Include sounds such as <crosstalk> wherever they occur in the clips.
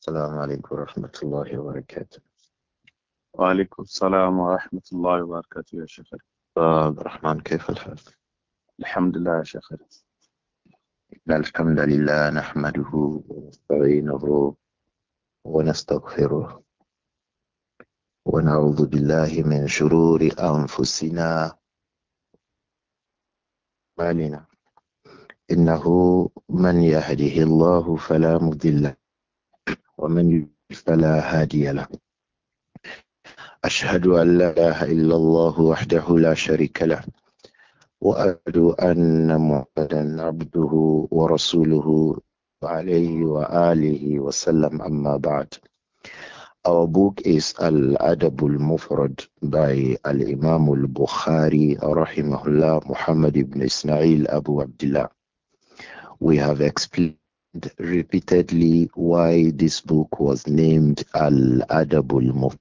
السلام عليكم ورحمة الله وبركاته وعليكم السلام ورحمة الله وبركاته يا شيخ عبد الرحمن كيف الحال؟ الحمد لله يا شيخ الحمد لله نحمده ونستعينه ونستغفره ونعوذ بالله من شرور أنفسنا مالنا إنه من يهده الله فلا مضل ومن يضلل فلا هادي له أشهد أن لا إله إلا الله وحده لا شريك له وأشهد أن محمدا عبده ورسوله عليه وآله وسلم أما بعد Our book is Al-Adab al-Mufrad by Al-Imam al-Bukhari rahimahullah Muhammad ibn Ismail Abu Abdullah. We have explained repeatedly why this book was named Al-Adab al-Mufrad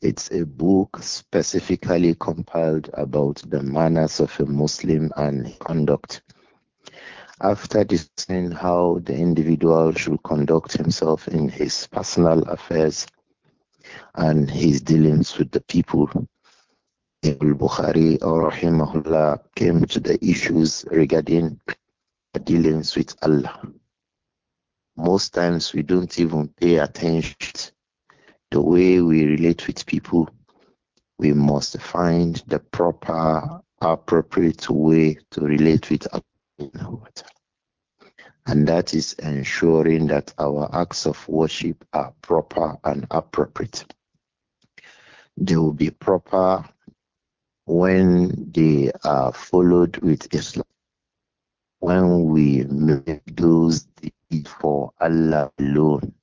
it's a book specifically compiled about the manners of a Muslim and conduct. After discussing how the individual should conduct himself in his personal affairs and his dealings with the people, Ibn Bukhari or Rahimahullah came to the issues regarding dealings with Allah. Most times we don't even pay attention the way we relate with people, we must find the proper, appropriate way to relate with Allah. And that is ensuring that our acts of worship are proper and appropriate. They will be proper when they are followed with Islam. When we make those for Allah alone,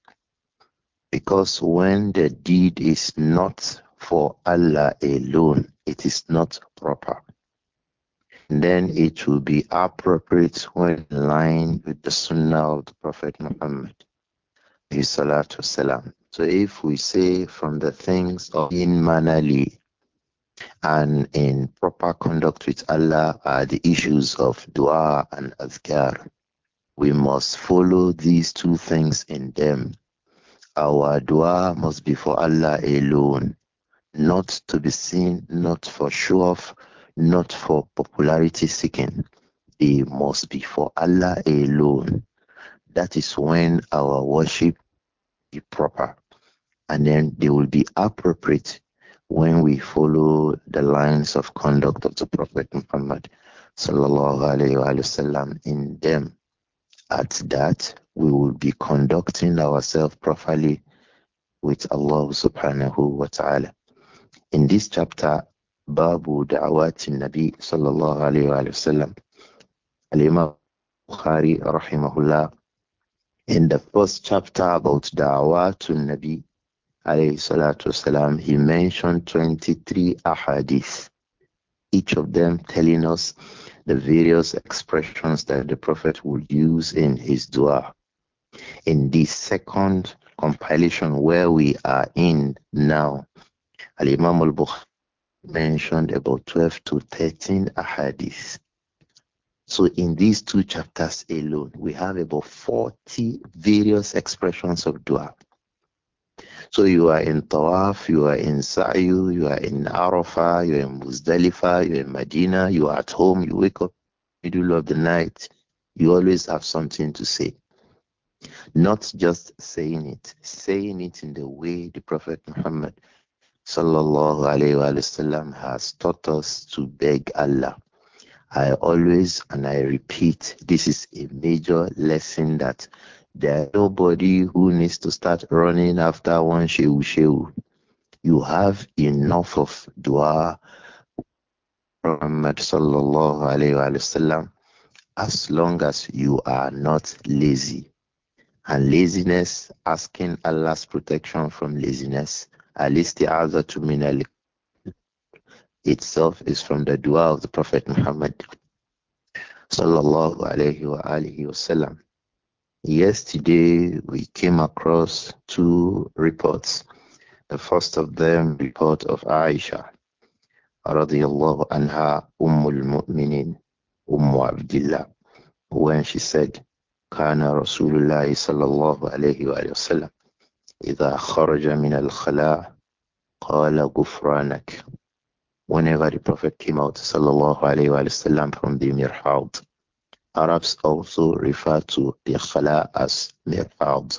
because when the deed is not for Allah alone, it is not proper. And then it will be appropriate when in line with the Sunnah of the Prophet Muhammad. So if we say from the things of inmanali and in proper conduct with Allah are the issues of dua and azkar, we must follow these two things in them our dua must be for Allah alone, not to be seen, not for show off, not for popularity seeking. They must be for Allah alone. That is when our worship is proper. And then they will be appropriate when we follow the lines of conduct of the Prophet Muhammad sallallahu alayhi wa sallam in them at that, we will be conducting ourselves properly with Allah subhanahu wa ta'ala. In this chapter, Babu Da'awati Nabi sallallahu alayhi wa sallam, Al-Imam Bukhari rahimahullah, in the first chapter about Da'awatun Nabi alayhi salatu wasalam, he mentioned 23 ahadith, each of them telling us the various expressions that the Prophet would use in his dua. In the second compilation where we are in now, Al Imam al Bukhari mentioned about 12 to 13 ahadith. So in these two chapters alone, we have about 40 various expressions of dua. So you are in Tawaf, you are in Sa'yu, you are in Arafah, you are in Muzdalifah, you are in Medina, you are at home, you wake up middle of the night, you always have something to say. Not just saying it, saying it in the way the Prophet Muhammad sallallahu alayhi wa sallam has taught us to beg Allah. I always and I repeat, this is a major lesson that there's nobody who needs to start running after one shehu shehu. You have enough of dua Muhammad sallallahu alayhi wa as long as you are not lazy. And laziness, asking Allah's protection from laziness, at least the other to min itself is from the dua of the Prophet Muhammad sallallahu alayhi wa alihi wasallam. Yesterday, we came across two reports. The first of them, report of Aisha, radiallahu anha, Ummul Mu'minin, Ummu Abdillah, when she said, كان رسول الله صلى الله عليه وآله وسلم إذا خرج من الخلاء قال غفرانك Whenever the Prophet came out, sallallahu alayhi wa وسلم from the mirhad, Arabs also refer to the khala as leopard.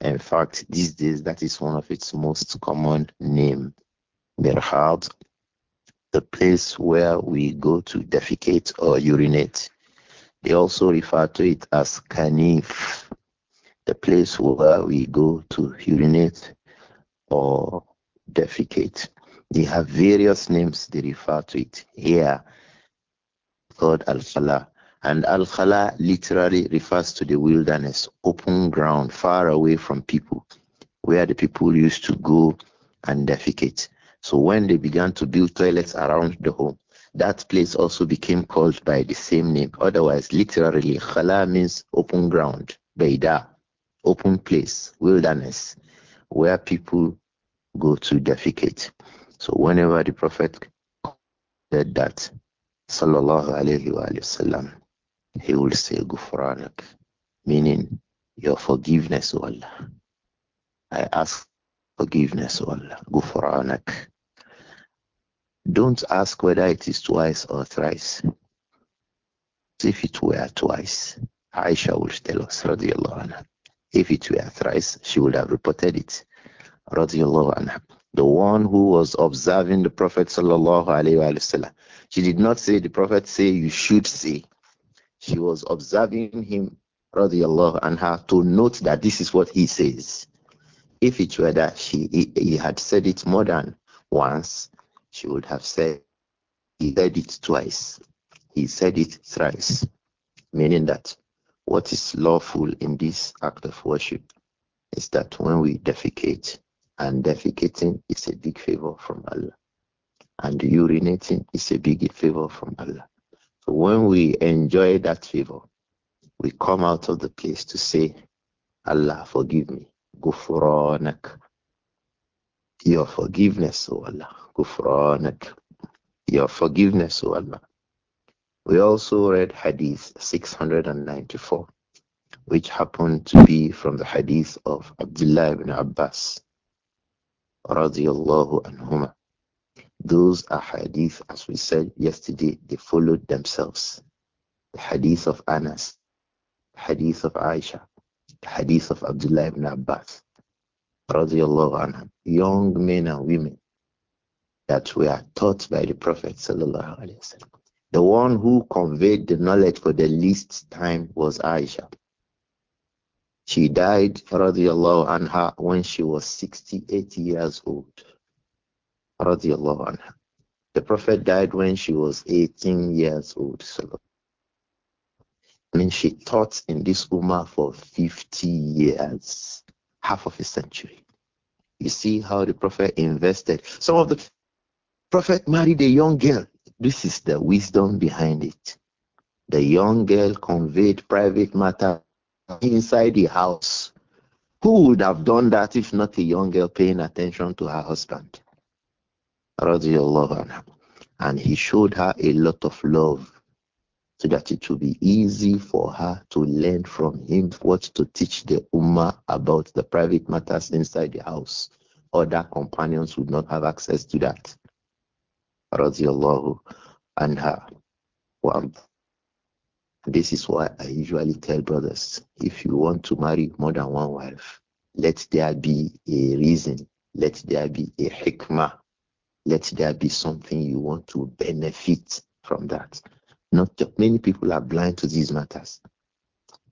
In fact, these days that is one of its most common names, Mirhad, the place where we go to defecate or urinate. They also refer to it as kanif, the place where we go to urinate or defecate. They have various names they refer to it. Here, called al-Falah and Al Khala literally refers to the wilderness, open ground, far away from people, where the people used to go and defecate. So when they began to build toilets around the home, that place also became called by the same name. Otherwise, literally, Khala means open ground, Beida, open place, wilderness, where people go to defecate. So whenever the Prophet said that, sallallahu alayhi wa, sallam, he will say, Gufranak, meaning your forgiveness, O Allah. I ask forgiveness, O Allah. Gufranak. Don't ask whether it is twice or thrice. If it were twice, Aisha will tell us, radiallahu anha. If it were thrice, she would have reported it, radiallahu anha. The one who was observing the Prophet sallallahu alaihi wasallam, she did not say the Prophet say you should say she was observing him and anha to note that this is what he says. If it were that she he, he had said it more than once, she would have said he said it twice. He said it thrice. Meaning that what is lawful in this act of worship is that when we defecate, and defecating is a big favor from Allah, and urinating is a big favor from Allah when we enjoy that favor, we come out of the place to say, Allah, forgive me. Gufranak. Your forgiveness, O Allah. Gufranak. Your forgiveness, O Allah. We also read Hadith 694, which happened to be from the Hadith of Abdullah ibn Abbas, radiallahu anhumah. Those ahadith, as we said yesterday, they followed themselves. The hadith of Anas, the hadith of Aisha, the hadith of Abdullah ibn Abbas, radiallahu anhum, young men and women that were taught by the Prophet The one who conveyed the knowledge for the least time was Aisha. She died, radiallahu anha, when she was 68 years old radiallahu anha. The Prophet died when she was 18 years old. I mean, she taught in this Ummah for 50 years, half of a century. You see how the Prophet invested. Some of the Prophet married a young girl. This is the wisdom behind it. The young girl conveyed private matter inside the house. Who would have done that if not a young girl paying attention to her husband? anha, and he showed her a lot of love so that it would be easy for her to learn from him what to teach the Ummah about the private matters inside the house. Other companions would not have access to that. Radiallahu anha. Well, this is why I usually tell brothers if you want to marry more than one wife, let there be a reason, let there be a hikmah let there be something you want to benefit from that. Not many people are blind to these matters.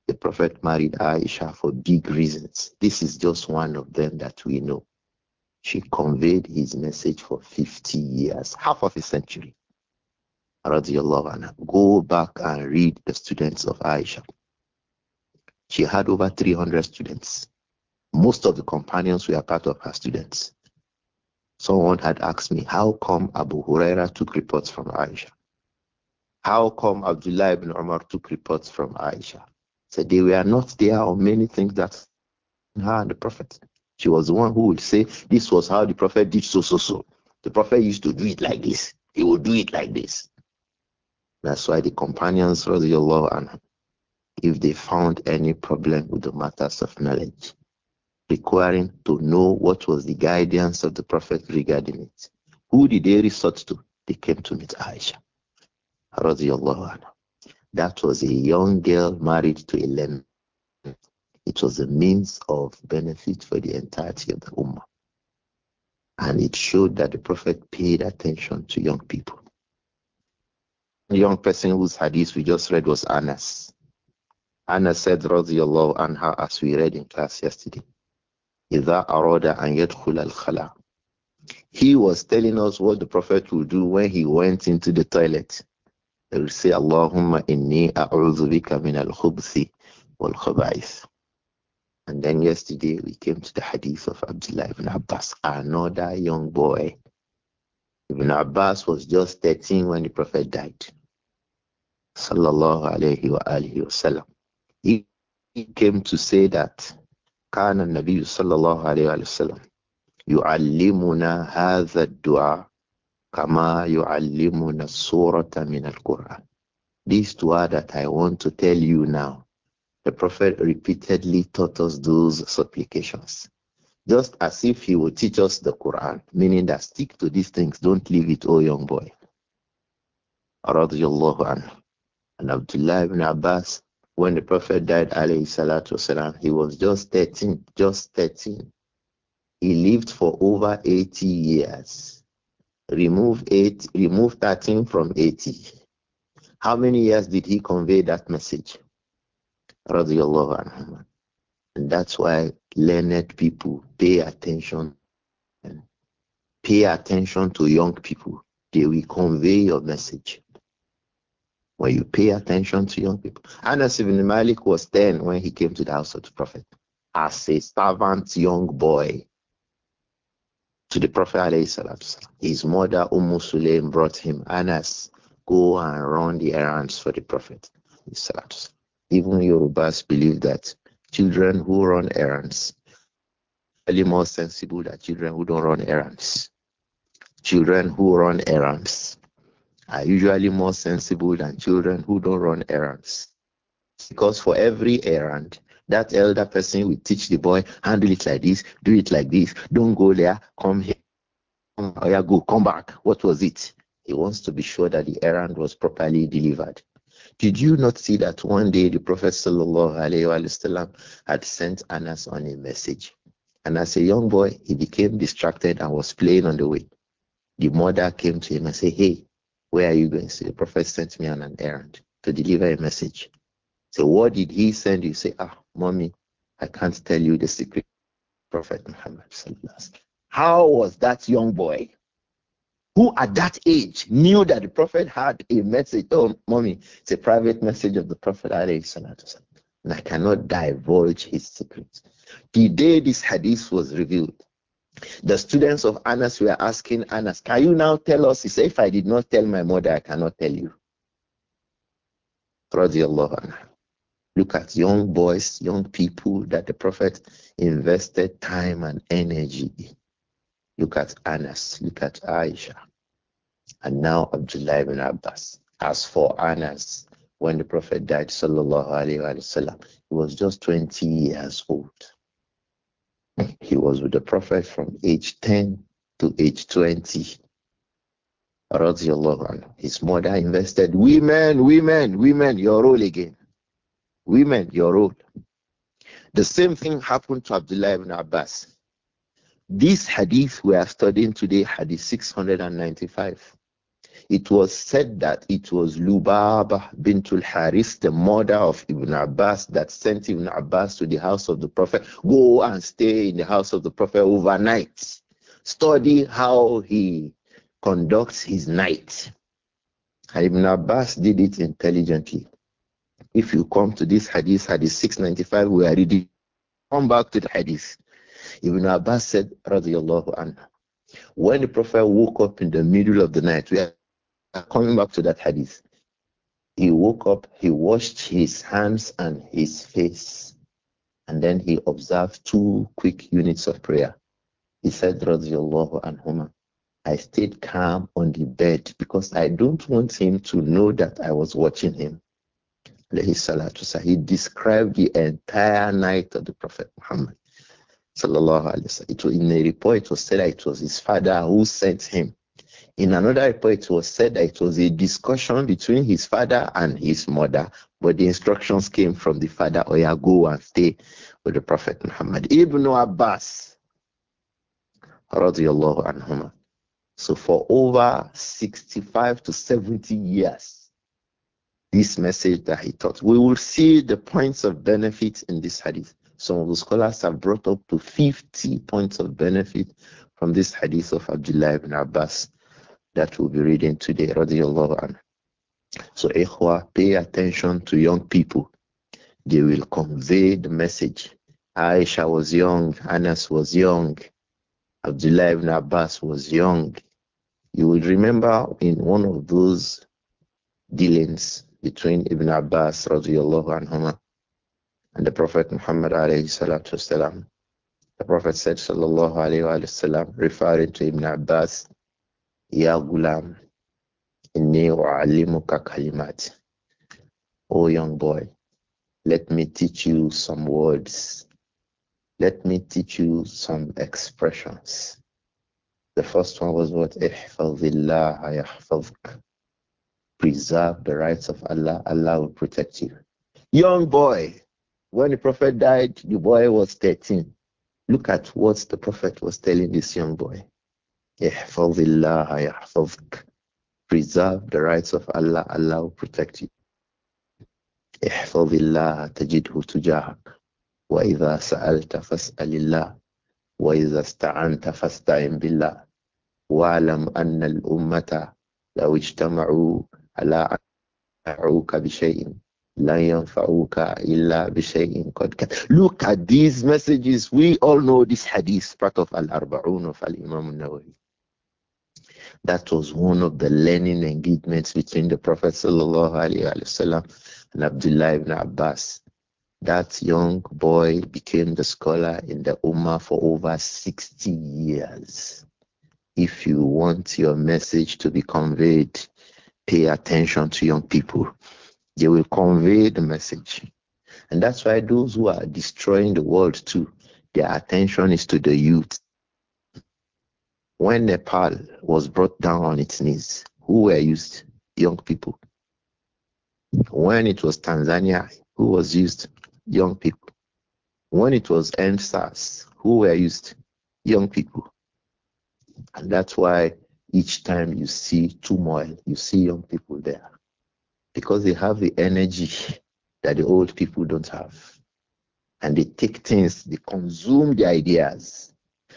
The Prophet married Aisha for big reasons. This is just one of them that we know. She conveyed his message for 50 years, half of a century. Go back and read the students of Aisha. She had over 300 students. Most of the companions were part of her students. Someone had asked me, how come Abu Huraira took reports from Aisha? How come Abdullah ibn Umar took reports from Aisha? Said they were not there on many things that her and the Prophet. She was the one who would say, This was how the Prophet did so, so, so. The Prophet used to do it like this. He would do it like this. That's why the companions, radiallahu anhu, if they found any problem with the matters of knowledge, requiring to know what was the guidance of the Prophet regarding it. Who did they resort to? They came to meet Aisha. That was a young girl married to a learner. It was a means of benefit for the entirety of the Ummah. And it showed that the Prophet paid attention to young people. The young person whose hadith we just read was Anas. Anas said, Radiallahu anha, as we read in class yesterday he was telling us what the Prophet would do when he went into the toilet. He would say, Allahumma inni a'udhu bika min al-khubthi wal And then yesterday we came to the hadith of Abdullah ibn Abbas, another young boy. Ibn Abbas was just 13 when the Prophet died. Sallallahu alayhi wa alihi wa sallam. he came to say that كان النبي صلى الله عليه وسلم يعلمنا هذا الدعاء كما يعلمنا من القرآن This dua that I want to tell you now, the Prophet repeatedly taught us those supplications. Just as if he would teach us the Quran, meaning that stick to these things, don't leave it, oh young boy. رضي الله عنه. And Abdullah ibn Abbas when the Prophet died, alayhi salatu wasalam, he was just 13, just 13. He lived for over 80 years. Remove eight, remove 13 from 80. How many years did he convey that message? Radiallahu And that's why learned people pay attention and pay attention to young people. They will convey your message when you pay attention to young people. Anas ibn Malik was 10 when he came to the house of the Prophet as a servant young boy to the Prophet. His mother, Umm Sulaim, brought him, Anas, go and run the errands for the Prophet. Even Yorubas believe that children who run errands are more sensible than children who don't run errands. Children who run errands are usually more sensible than children who don't run errands. Because for every errand, that elder person will teach the boy, handle it like this, do it like this, don't go there, come here, come, oh yeah, go, come back. What was it? He wants to be sure that the errand was properly delivered. Did you not see that one day the Prophet wasallam had sent Anas on a message? And as a young boy, he became distracted and was playing on the way. The mother came to him and said, Hey, where are you going? Say, the prophet sent me on an errand to deliver a message. So what did he send you? Say, ah, mommy, I can't tell you the secret. Prophet Muhammad. How was that young boy who at that age knew that the Prophet had a message? Oh, mommy, it's a private message of the Prophet. And I cannot divulge his secrets. The day this hadith was revealed, the students of Anas were asking Anas, Can you now tell us? He said, If I did not tell my mother, I cannot tell you. Look at young boys, young people that the Prophet invested time and energy in. Look at Anas, look at Aisha, and now Abdullah ibn Abbas. As for Anas, when the Prophet died, sallallahu alaihi wasallam, he was just 20 years old. He was with the Prophet from age 10 to age 20. His mother invested women, women, women, your role again. Women, your role. The same thing happened to Abdullah ibn Abbas. This hadith we are studying today, hadith 695. It was said that it was Lubaba bintul Haris, the mother of Ibn Abbas, that sent Ibn Abbas to the house of the Prophet. Go and stay in the house of the Prophet overnight. Study how he conducts his night. And Ibn Abbas did it intelligently. If you come to this hadith, hadith 695, we are reading. Come back to the hadith. Ibn Abbas said, radiallahu anhu, when the Prophet woke up in the middle of the night, we are uh, coming back to that hadith. He woke up, he washed his hands and his face, and then he observed two quick units of prayer. He said, Radiallahu anhuma, I stayed calm on the bed because I don't want him to know that I was watching him. He described the entire night of the Prophet Muhammad. It was in a report, it was said that it was his father who sent him in another report, it was said that it was a discussion between his father and his mother, but the instructions came from the father, or yeah, go and stay with the Prophet Muhammad. Ibn Abbas, radiallahu So for over 65 to 70 years, this message that he taught, we will see the points of benefit in this hadith. Some of the scholars have brought up to 50 points of benefit from this hadith of Abdullah ibn Abbas that we'll be reading today, radiallahu So, ikhwa, pay attention to young people. They will convey the message. Aisha was young, Anas was young, Abdullah ibn Abbas was young. You will remember in one of those dealings between Ibn Abbas radiallahu and the Prophet Muhammad The Prophet said sallallahu alayhi referring to Ibn Abbas Ya Gulam, wa'alimuka kalimat. Oh young boy, let me teach you some words. Let me teach you some expressions. The first one was what? Preserve the rights of Allah, Allah will protect you. Young boy, when the Prophet died, the boy was 13. Look at what the Prophet was telling this young boy. يحفظ الله يحفظك preserve the rights of Allah Allah will protect you احفظ الله تجده تجاهك وإذا سألت فاسأل الله وإذا استعنت فاستعن بالله واعلم أن الأمة لو اجتمعوا على أن ينفعوك بشيء لا ينفعوك إلا بشيء قد كان Look at these messages. We all know this hadith, part of Al-Arba'un of Al-Imam al-Nawawi. That was one of the learning engagements between the Prophet and Abdullah ibn Abbas. That young boy became the scholar in the Ummah for over 60 years. If you want your message to be conveyed, pay attention to young people. They will convey the message. And that's why those who are destroying the world too, their attention is to the youth. When Nepal was brought down on its knees, who were used? Young people. When it was Tanzania, who was used? Young people. When it was MSAS, who were used? Young people. And that's why each time you see turmoil, you see young people there because they have the energy that the old people don't have. And they take things, they consume the ideas.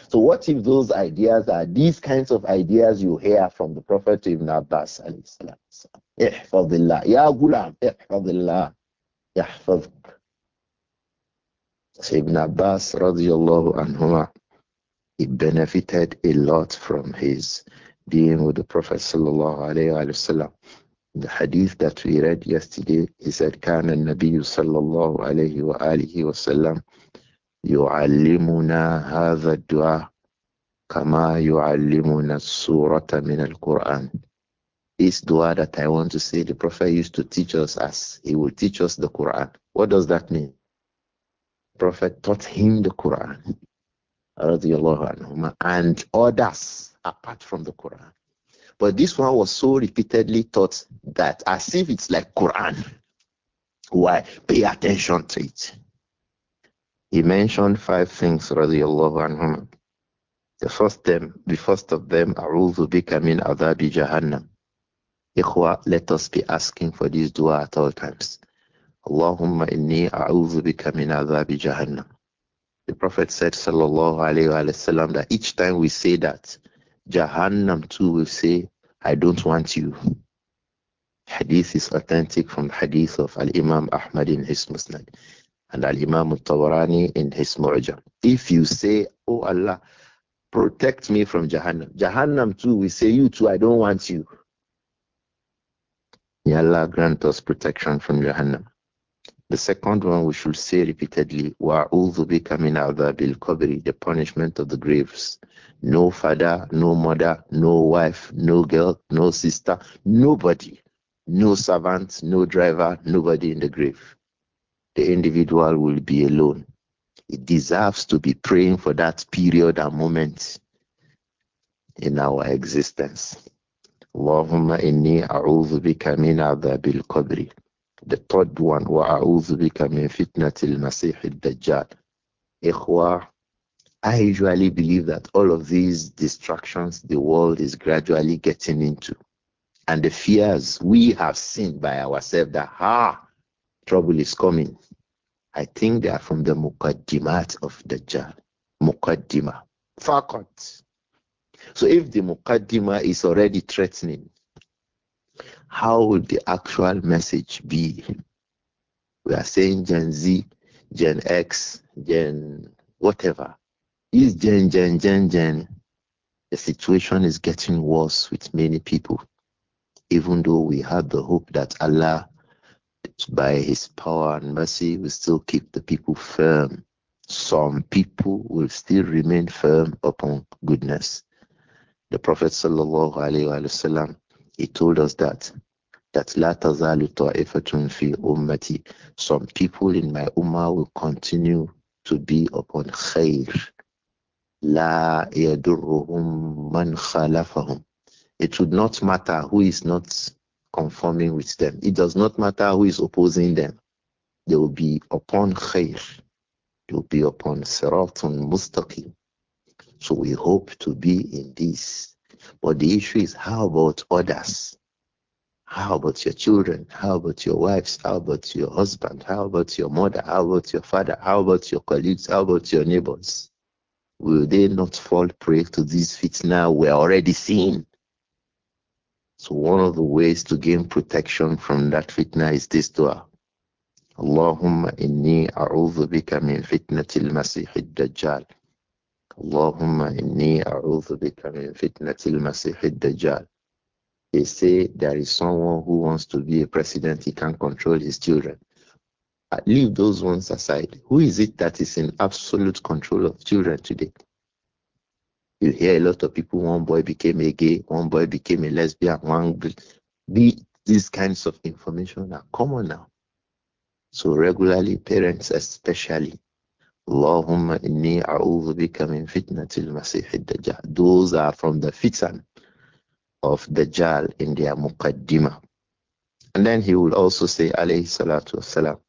So what if those ideas are these kinds of ideas you hear from the Prophet Ibn Abbas Ihfadillah. Ya gulam, ihfadillah. Yahfadk. So Ibn Abbas radiallahu anhuma, he benefited a lot from his being with the Prophet sallallahu alayhi wa sallam. The hadith that we read yesterday, he said, كان النبي صلى الله عليه وآله وسلم يعلمنا هذا الدعاء كما يعلمنا السورة من القرآن This dua that I want to say, the Prophet used to teach us as he will teach us the Quran. What does that mean? The Prophet taught him the Quran and others apart from the Quran. But this one was so repeatedly taught that as if it's like Quran. Why? Pay attention to it. He mentioned five things, radiallahu anhum. The first them, the first of them, A'udhu bika min jahannam. Ikhwa, let us be asking for this dua at all times. Allahumma inni a'udhu bika min adhabi jahannam. The Prophet said, sallallahu alayhi wa sallam, that each time we say that, Jahannam too will say, I don't want you. Hadith is authentic from Hadith of Al Imam Ahmad in his Musnad and Al Imam Tawarani in his Mu'jam. If you say, Oh Allah, protect me from Jahannam, Jahannam too, we say, You too, I don't want you. May Allah grant us protection from Jahannam. The second one we should say repeatedly, Wa'udhu bika min adhabil qabri, the punishment of the graves. No father, no mother, no wife, no girl, no sister, nobody. No servant, no driver, nobody in the grave the individual will be alone. It deserves to be praying for that period and moment in our existence. Allahumma inni a'udhu bika min adhabil qabri. The third one, wa a'udhu bika min fitnatil masih dajjal Ikhwa, I usually believe that all of these distractions the world is gradually getting into and the fears we have seen by ourselves that, ah, trouble is coming. I think they are from the Muqaddimat of Dajjal. Mukaddima. Fakat. So if the Mukaddima is already threatening, how will the actual message be? We are saying Gen Z, Gen X, Gen whatever. Is Gen, Gen, Gen, Gen. The situation is getting worse with many people, even though we have the hope that Allah by His power and mercy, we still keep the people firm. Some people will still remain firm upon goodness. The Prophet sallallahu wasallam he told us that that la tazalu fi ummati. Some people in my ummah will continue to be upon khair. La yadurruhum man khalafahum. It would not matter who is not conforming with them. It does not matter who is opposing them. They will be upon khair. They will be upon siratun mustaqim. So we hope to be in this. But the issue is how about others? How about your children? How about your wives? How about your husband? How about your mother? How about your father? How about your colleagues? How about your neighbors? Will they not fall prey to this fitna we're already seeing? So one of the ways to gain protection from that fitna is this dua. اللهم إني أعوذ بك من فتنة Dajjal." Allahumma اللهم إني أعوذ بك من فتنة المسيح Dajjal. They say there is someone who wants to be a president, he can't control his children. Leave those ones aside. Who is it that is in absolute control of children today? You hear a lot of people, one boy became a gay, one boy became a lesbian, one the, these kinds of information are common now. So regularly, parents especially, Allahumma inni a'udhu bika min fitnatil masih dajjal. Those are from the fitan of Dajjal in their muqaddimah. And then he will also say, alayhi salatu wasalam,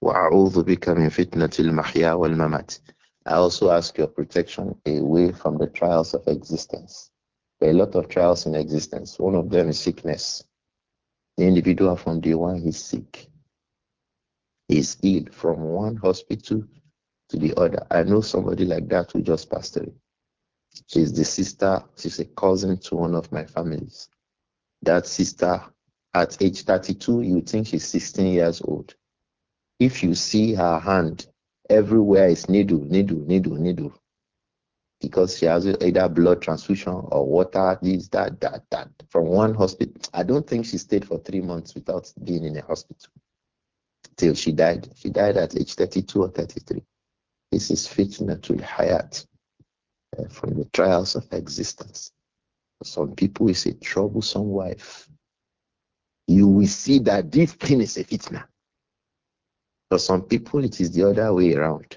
wa a'udhu bika min fitnatil mahya wal mamat. I also ask your protection away from the trials of existence. There are a lot of trials in existence. One of them is sickness. The individual from day one he's sick. He's ill from one hospital to the other. I know somebody like that who just passed away. She's the sister, she's a cousin to one of my families. That sister, at age 32, you think she's 16 years old. If you see her hand Everywhere is needle, needle, needle, needle. Because she has either blood transfusion or water, this, that, that, that, from one hospital. I don't think she stayed for three months without being in a hospital till she died. She died at age 32 or 33. This is to hayat uh, from the trials of existence. For some people, is a troublesome wife. You will see that this thing is a fitna. For some people, it is the other way around.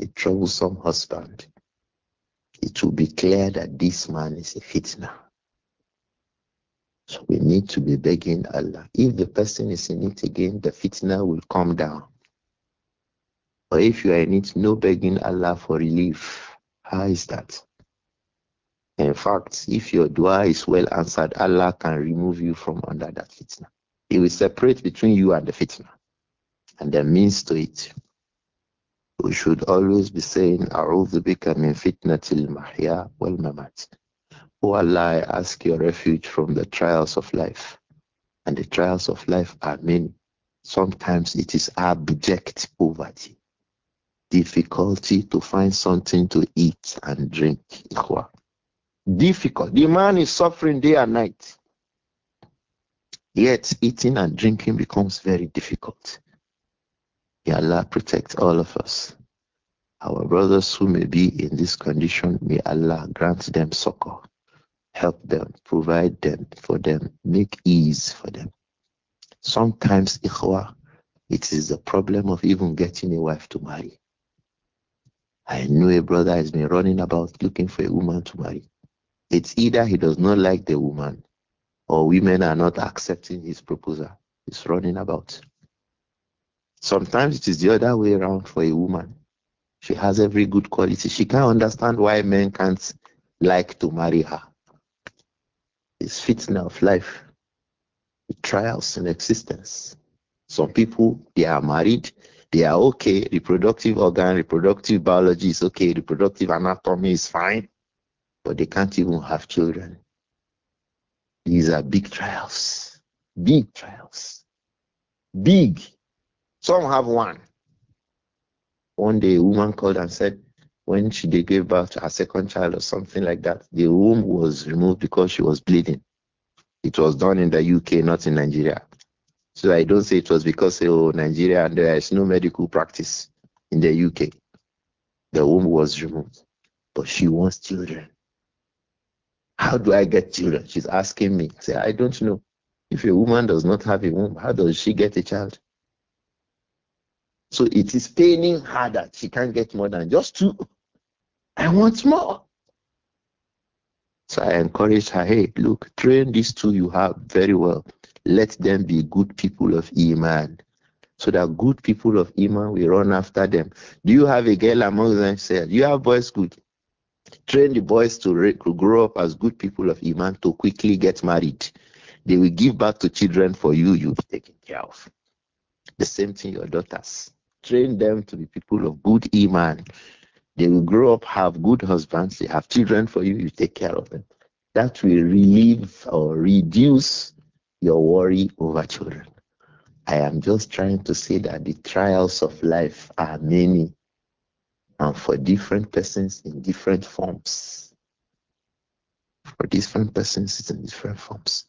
A troublesome husband. It will be clear that this man is a fitna. So we need to be begging Allah. If the person is in it again, the fitna will come down. But if you are in it, no begging Allah for relief. How is that? In fact, if your dua is well answered, Allah can remove you from under that fitna. He will separate between you and the fitna and the means to it. We should always be saying, A'udhu bika min fitnatil mahya wal mamat. O Allah, I ask your refuge from the trials of life. And the trials of life are many. Sometimes it is abject poverty, difficulty to find something to eat and drink. Difficult. The man is suffering day and night. Yet eating and drinking becomes very difficult. May Allah protect all of us. Our brothers who may be in this condition, may Allah grant them succor, help them, provide them for them, make ease for them. Sometimes, ikhwa, it is the problem of even getting a wife to marry. I know a brother has been running about looking for a woman to marry. It's either he does not like the woman or women are not accepting his proposal. He's running about. Sometimes it is the other way around for a woman. She has every good quality. She can't understand why men can't like to marry her. It's fitness of life, the trials in existence. Some people, they are married, they are okay. Reproductive organ, reproductive biology is okay. Reproductive anatomy is fine, but they can't even have children. These are big trials, big trials, big some have one. One day, a woman called and said, when she gave birth to her second child or something like that, the womb was removed because she was bleeding. It was done in the UK, not in Nigeria. So I don't say it was because oh Nigeria and there is no medical practice in the UK. The womb was removed, but she wants children. How do I get children? She's asking me. I say I don't know. If a woman does not have a womb, how does she get a child? So it is paining her that she can't get more than just two. I want more. So I encourage her, hey, look, train these two you have very well. Let them be good people of Iman. So that good people of Iman will run after them. Do you have a girl among themselves? Do you have boys good? Train the boys to grow up as good people of Iman to quickly get married. They will give back to children for you, you've taken care of. The same thing your daughters. Train them to be people of good iman. They will grow up, have good husbands, they have children for you, you take care of them. That will relieve or reduce your worry over children. I am just trying to say that the trials of life are many and for different persons in different forms. For different persons, it's in different forms.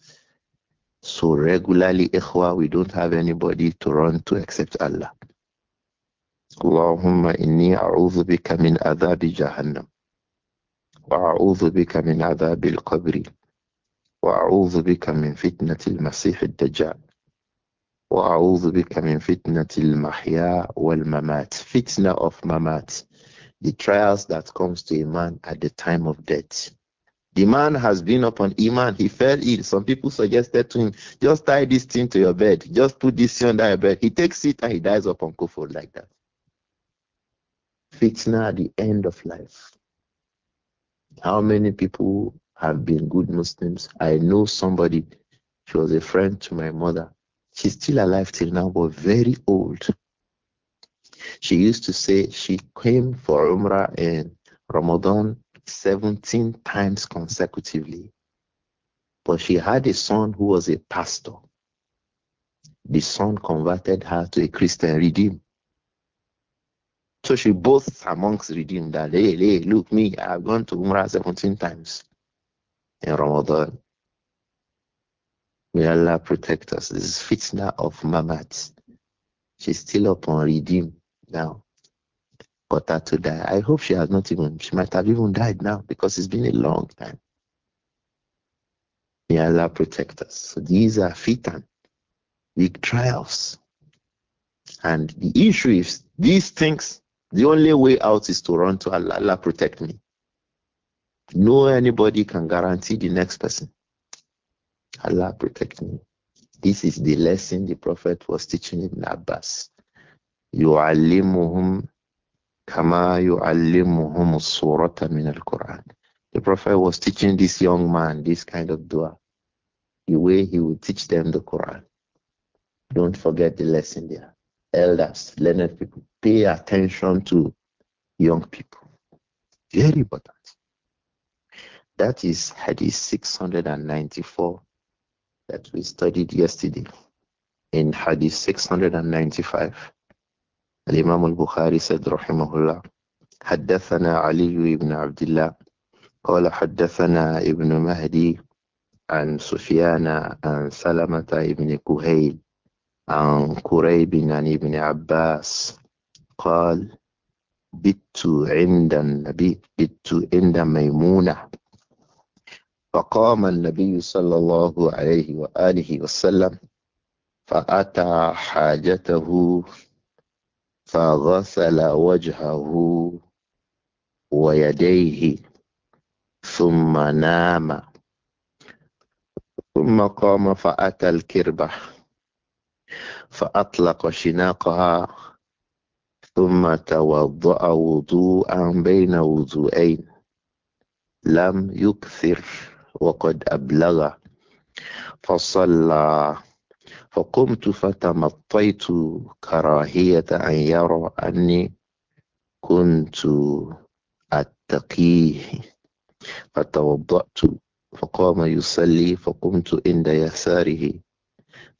So regularly, ikhwa, we don't have anybody to run to except Allah. Allahumma inni a'udhu bika min adhabi jahannam wa a'udhu bika min adhabi al-qabri wa a'udhu bika min fitnati al-masih ad-dajjal wa a'udhu bika min fitnati al-mahya wal-mamat fitna of mamat the trials that comes to a man at the time of death the man has been upon Iman. He fell ill. Some people suggested to him, just tie this thing to your bed. Just put this thing under your bed. He takes it and he dies upon Kufur like that fitna at the end of life. How many people have been good Muslims? I know somebody, she was a friend to my mother. She's still alive till now, but very old. She used to say she came for Umrah and Ramadan 17 times consecutively. But she had a son who was a pastor. The son converted her to a Christian redeem. So she boasts amongst redeemed that, hey, hey, look, me, I've gone to Umrah 17 times in Ramadan. May Allah protect us. This is fitna of Mamat. She's still up on redeem now. But that to die. I hope she has not even, she might have even died now because it's been a long time. May Allah protect us. So these are fitan, big trials. And the issue is these things the only way out is to run to Allah. Allah protect me. No anybody can guarantee the next person. Allah protect me. This is the lesson the Prophet was teaching Ibn Abbas. يُعَلِّمُهُمْ كَمَا يُعَلِّمُهُمُ السُّورَةَ مِنَ الْقُرْآنِ The Prophet was teaching this young man this kind of dua. The way he would teach them the Quran. Don't forget the lesson there elders, learned people. Pay attention to young people. Very important. That is Hadith 694 that we studied yesterday. In Hadith 695, Imam al Bukhari said, Rahimahullah, حدثنا علي بن عبد الله قال حدثنا ابن مهدي عن سفيان عن سلمة بن كهيل عن كريب عن ابن عباس قال بت عند النبي بت عند ميمونة فقام النبي صلى الله عليه وآله وسلم فأتى حاجته فغسل وجهه ويديه ثم نام ثم قام فأتى الكربة فأطلق شناقها ثم توضأ وضوءا بين وضوئين لم يكثر وقد أبلغ فصلى فقمت فتمطيت كراهية أن يرى أني كنت أتقيه فتوضأت فقام يصلي فقمت عند يساره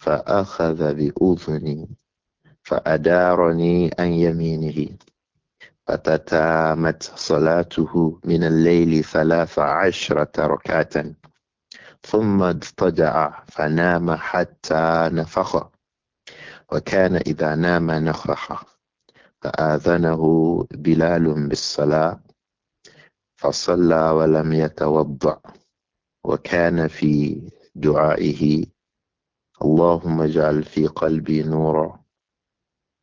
فأخذ بأذني فأدارني عن يمينه فتتامت صلاته من الليل ثلاث عشرة ركعة ثم اضطجع فنام حتى نفخ وكان إذا نام نفخ فآذنه بلال بالصلاة فصلى ولم يتوضأ وكان في دعائه اللهم اجعل في قلبي نورا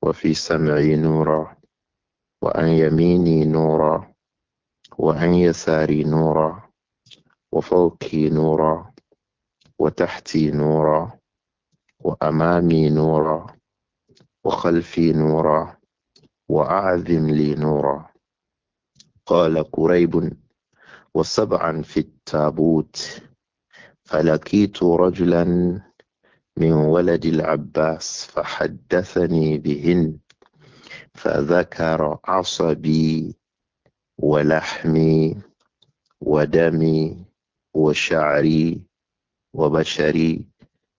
وفي سمعي نورا وعن يميني نورا وعن يساري نورا وفوقي نورا وتحتي نورا وأمامي نورا وخلفي نورا وأعظم لي نورا قال قريب وسبعا في التابوت فلقيت رجلا من ولد العباس فحدثني بهن فذكر عصبي ولحمي ودمي وشعري وبشري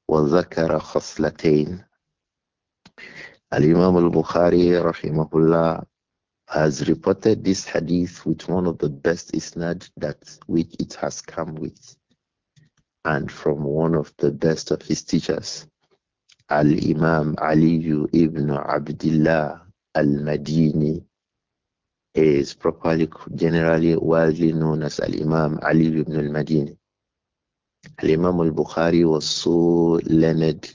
وذكر خصلتين الإمام البخاري رحمه الله has reported this hadith with one of the best isnad that which it has come with and from one of the best of his teachers, Al Imam Ali ibn Abdullah Al Madini. He is properly, generally, widely known as Al Imam Ali ibn Al Madini. Al Imam Al Bukhari was so learned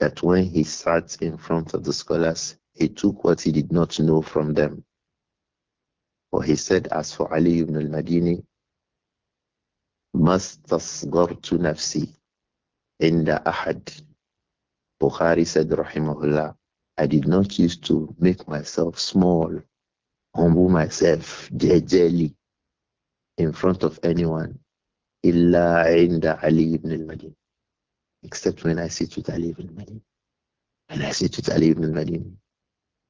that when he sat in front of the scholars, he took what he did not know from them. For he said, as for Ali ibn al-Madini, Mastasgartu nafsi inda ahad. Bukhari said, Rahimahullah, I did not choose to make myself small, humble myself jejely in front of anyone. Illa inda Ali ibn al-Madin. Except when I sit with Ali ibn al-Madin. And I sit with Ali ibn al-Madin.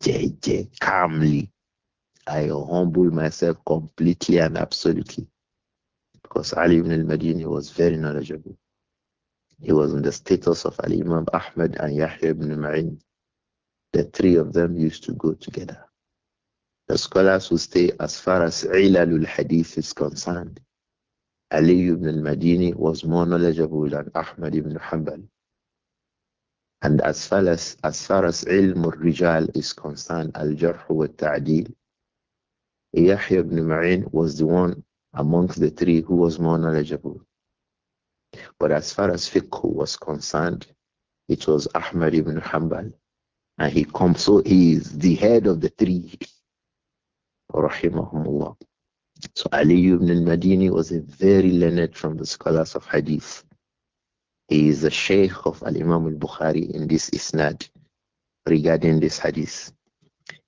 Jj, calmly. I humble myself completely and absolutely. Because Ali ibn al-Madini was very knowledgeable. He was in the status of Ali Imam Ahmad and Yahya ibn Ma'in. The three of them used to go together. The scholars who stay as far as Ilalul Hadith is concerned. Ali ibn al-Madini was more knowledgeable than Ahmad ibn Hanbal. And as far as as far as ilm al-rijal is concerned, al-jarh wa ta'dil, Yahya ibn Ma'in was the one amongst the three who was more knowledgeable. But as far as fiqh was concerned, it was Ahmad ibn Hanbal. And he comes, so he is the head of the three. Rahimahumullah. So Ali ibn al-Madini was a very learned from the scholars of hadith. He is the sheikh of al-Imam al-Bukhari in this isnad regarding this hadith.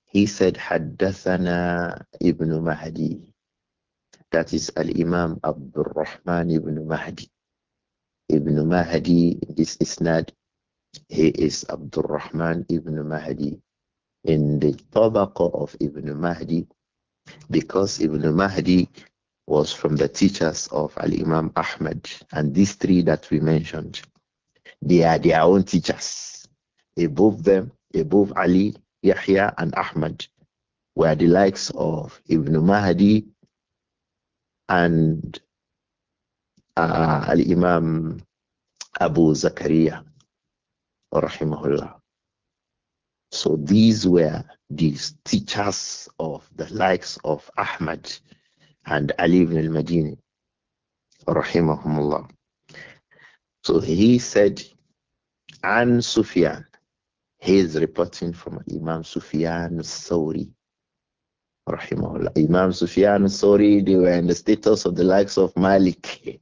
He said, حدثنا ابن مهدي that is Al-Imam Abdul Rahman ibn Mahdi. Ibn Mahdi, this is not, he is Abdul Rahman ibn Mahdi in the tabaqah of Ibn Mahdi because Ibn Mahdi was from the teachers of Al-Imam Ahmad and these three that we mentioned, they are their own teachers. Above them, above Ali, Yahya and Ahmad were the likes of Ibn Mahdi and uh, Al Imam Abu Zakaria, rahimahullah. So these were the teachers of the likes of Ahmad and Ali ibn al-Madini, rahimahumullah. So he said, and Sufyan, he is reporting from Imam Sufyan Sauri. Rahimahullah. Imam Sufyan sorry, they were in the status of the likes of Malik.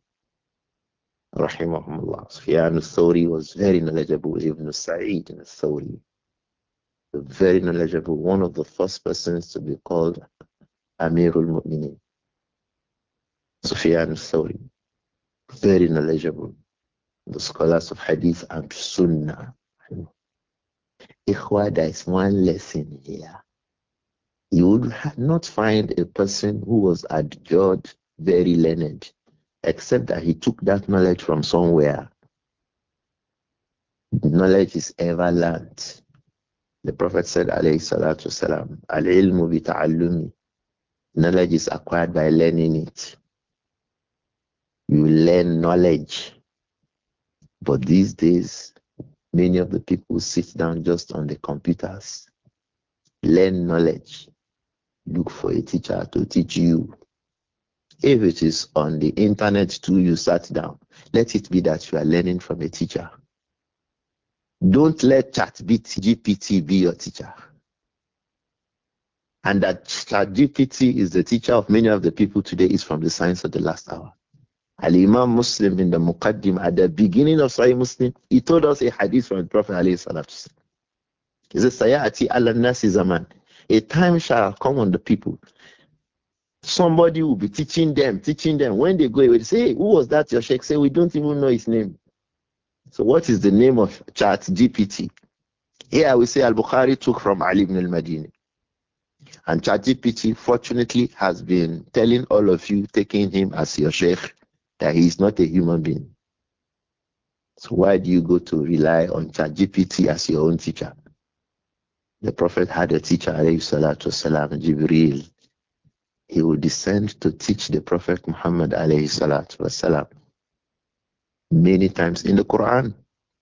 Rahimahullah. Sufyan Thawri was very knowledgeable, the Sa'id and Thawri. Very knowledgeable, one of the first persons to be called Amirul Mu'mineen. Sufyan Thawri. Very knowledgeable. The scholars of Hadith and Sunnah. Ikhwa, there is one lesson here you would not find a person who was adjured very learned, except that he took that knowledge from somewhere. knowledge is ever learned. The Prophet said, alayhi salatu salam, al Knowledge is acquired by learning it. You learn knowledge. But these days, many of the people sit down just on the computers, learn knowledge look for a teacher to teach you. If it is on the internet too, you sat down. Let it be that you are learning from a teacher. Don't let ChatGPT GPT be your teacher. And that ChatGPT is the teacher of many of the people today is from the science of the last hour. Al Imam Muslim in the Muqaddim at the beginning of Sahih Muslim, he told us a hadith from the Prophet. Is it Sayyati Allah Nasi Zaman? a time shall come on the people. Somebody will be teaching them, teaching them. When they go away, they say, hey, Who was that your sheikh? Say, We don't even know his name. So, what is the name of Chat GPT? Here we say Al Bukhari took from Ali ibn al Madini. And ChatGPT, fortunately, has been telling all of you, taking him as your sheikh, that he is not a human being. So why do you go to rely on ChatGPT as your own teacher? The Prophet had a teacher, alayhi salatu والسلام, Jibril. He would descend to teach the Prophet Muhammad alayhi salatu والسلام, many times in the Quran,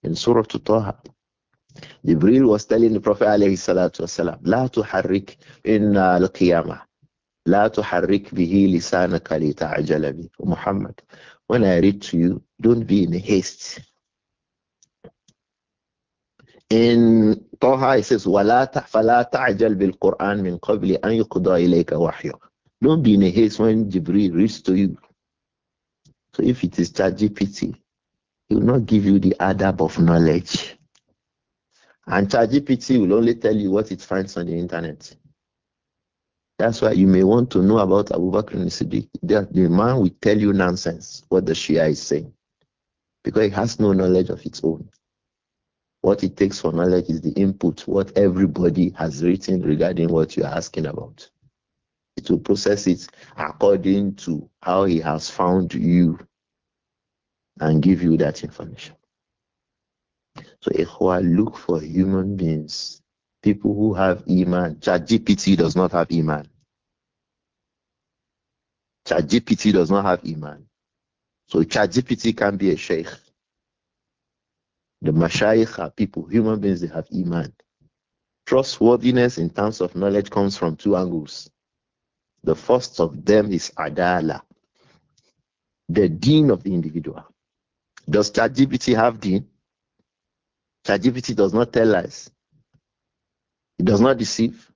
in Surah Taha. Jibril was telling the Prophet alayhi salatu والسلام, لا in إن القيامة لا تحرك به لسانك لتعجل به Muhammad when I read to you don't be in haste in Taha it says وَلَا فَلَا تَعْجَلْ بِالْقُرْآنِ مِنْ قَبْلِ أَنْ يُقْضَى إِلَيْكَ وَحْيُهُ Don't be in a haste when Jibreel reads to you. So if it is ChatGPT, he will not give you the adab of knowledge. And ChatGPT will only tell you what it finds on the internet. That's why you may want to know about Abu Bakr al-Siddiq. The man will tell you nonsense, what the Shia is saying, because he has no knowledge of its own. What it takes for knowledge is the input, what everybody has written regarding what you're asking about. It will process it according to how he has found you and give you that information. So, Ikhwa, look for human beings, people who have Iman. ChatGPT does not have Iman. ChatGPT does not have Iman. So, ChatGPT can be a sheikh. The mashayikh are people, human beings, they have iman. Trustworthiness in terms of knowledge comes from two angles. The first of them is adala, the dean of the individual. Does ChatGPT have dean? ChatGPT does not tell lies. It does not deceive.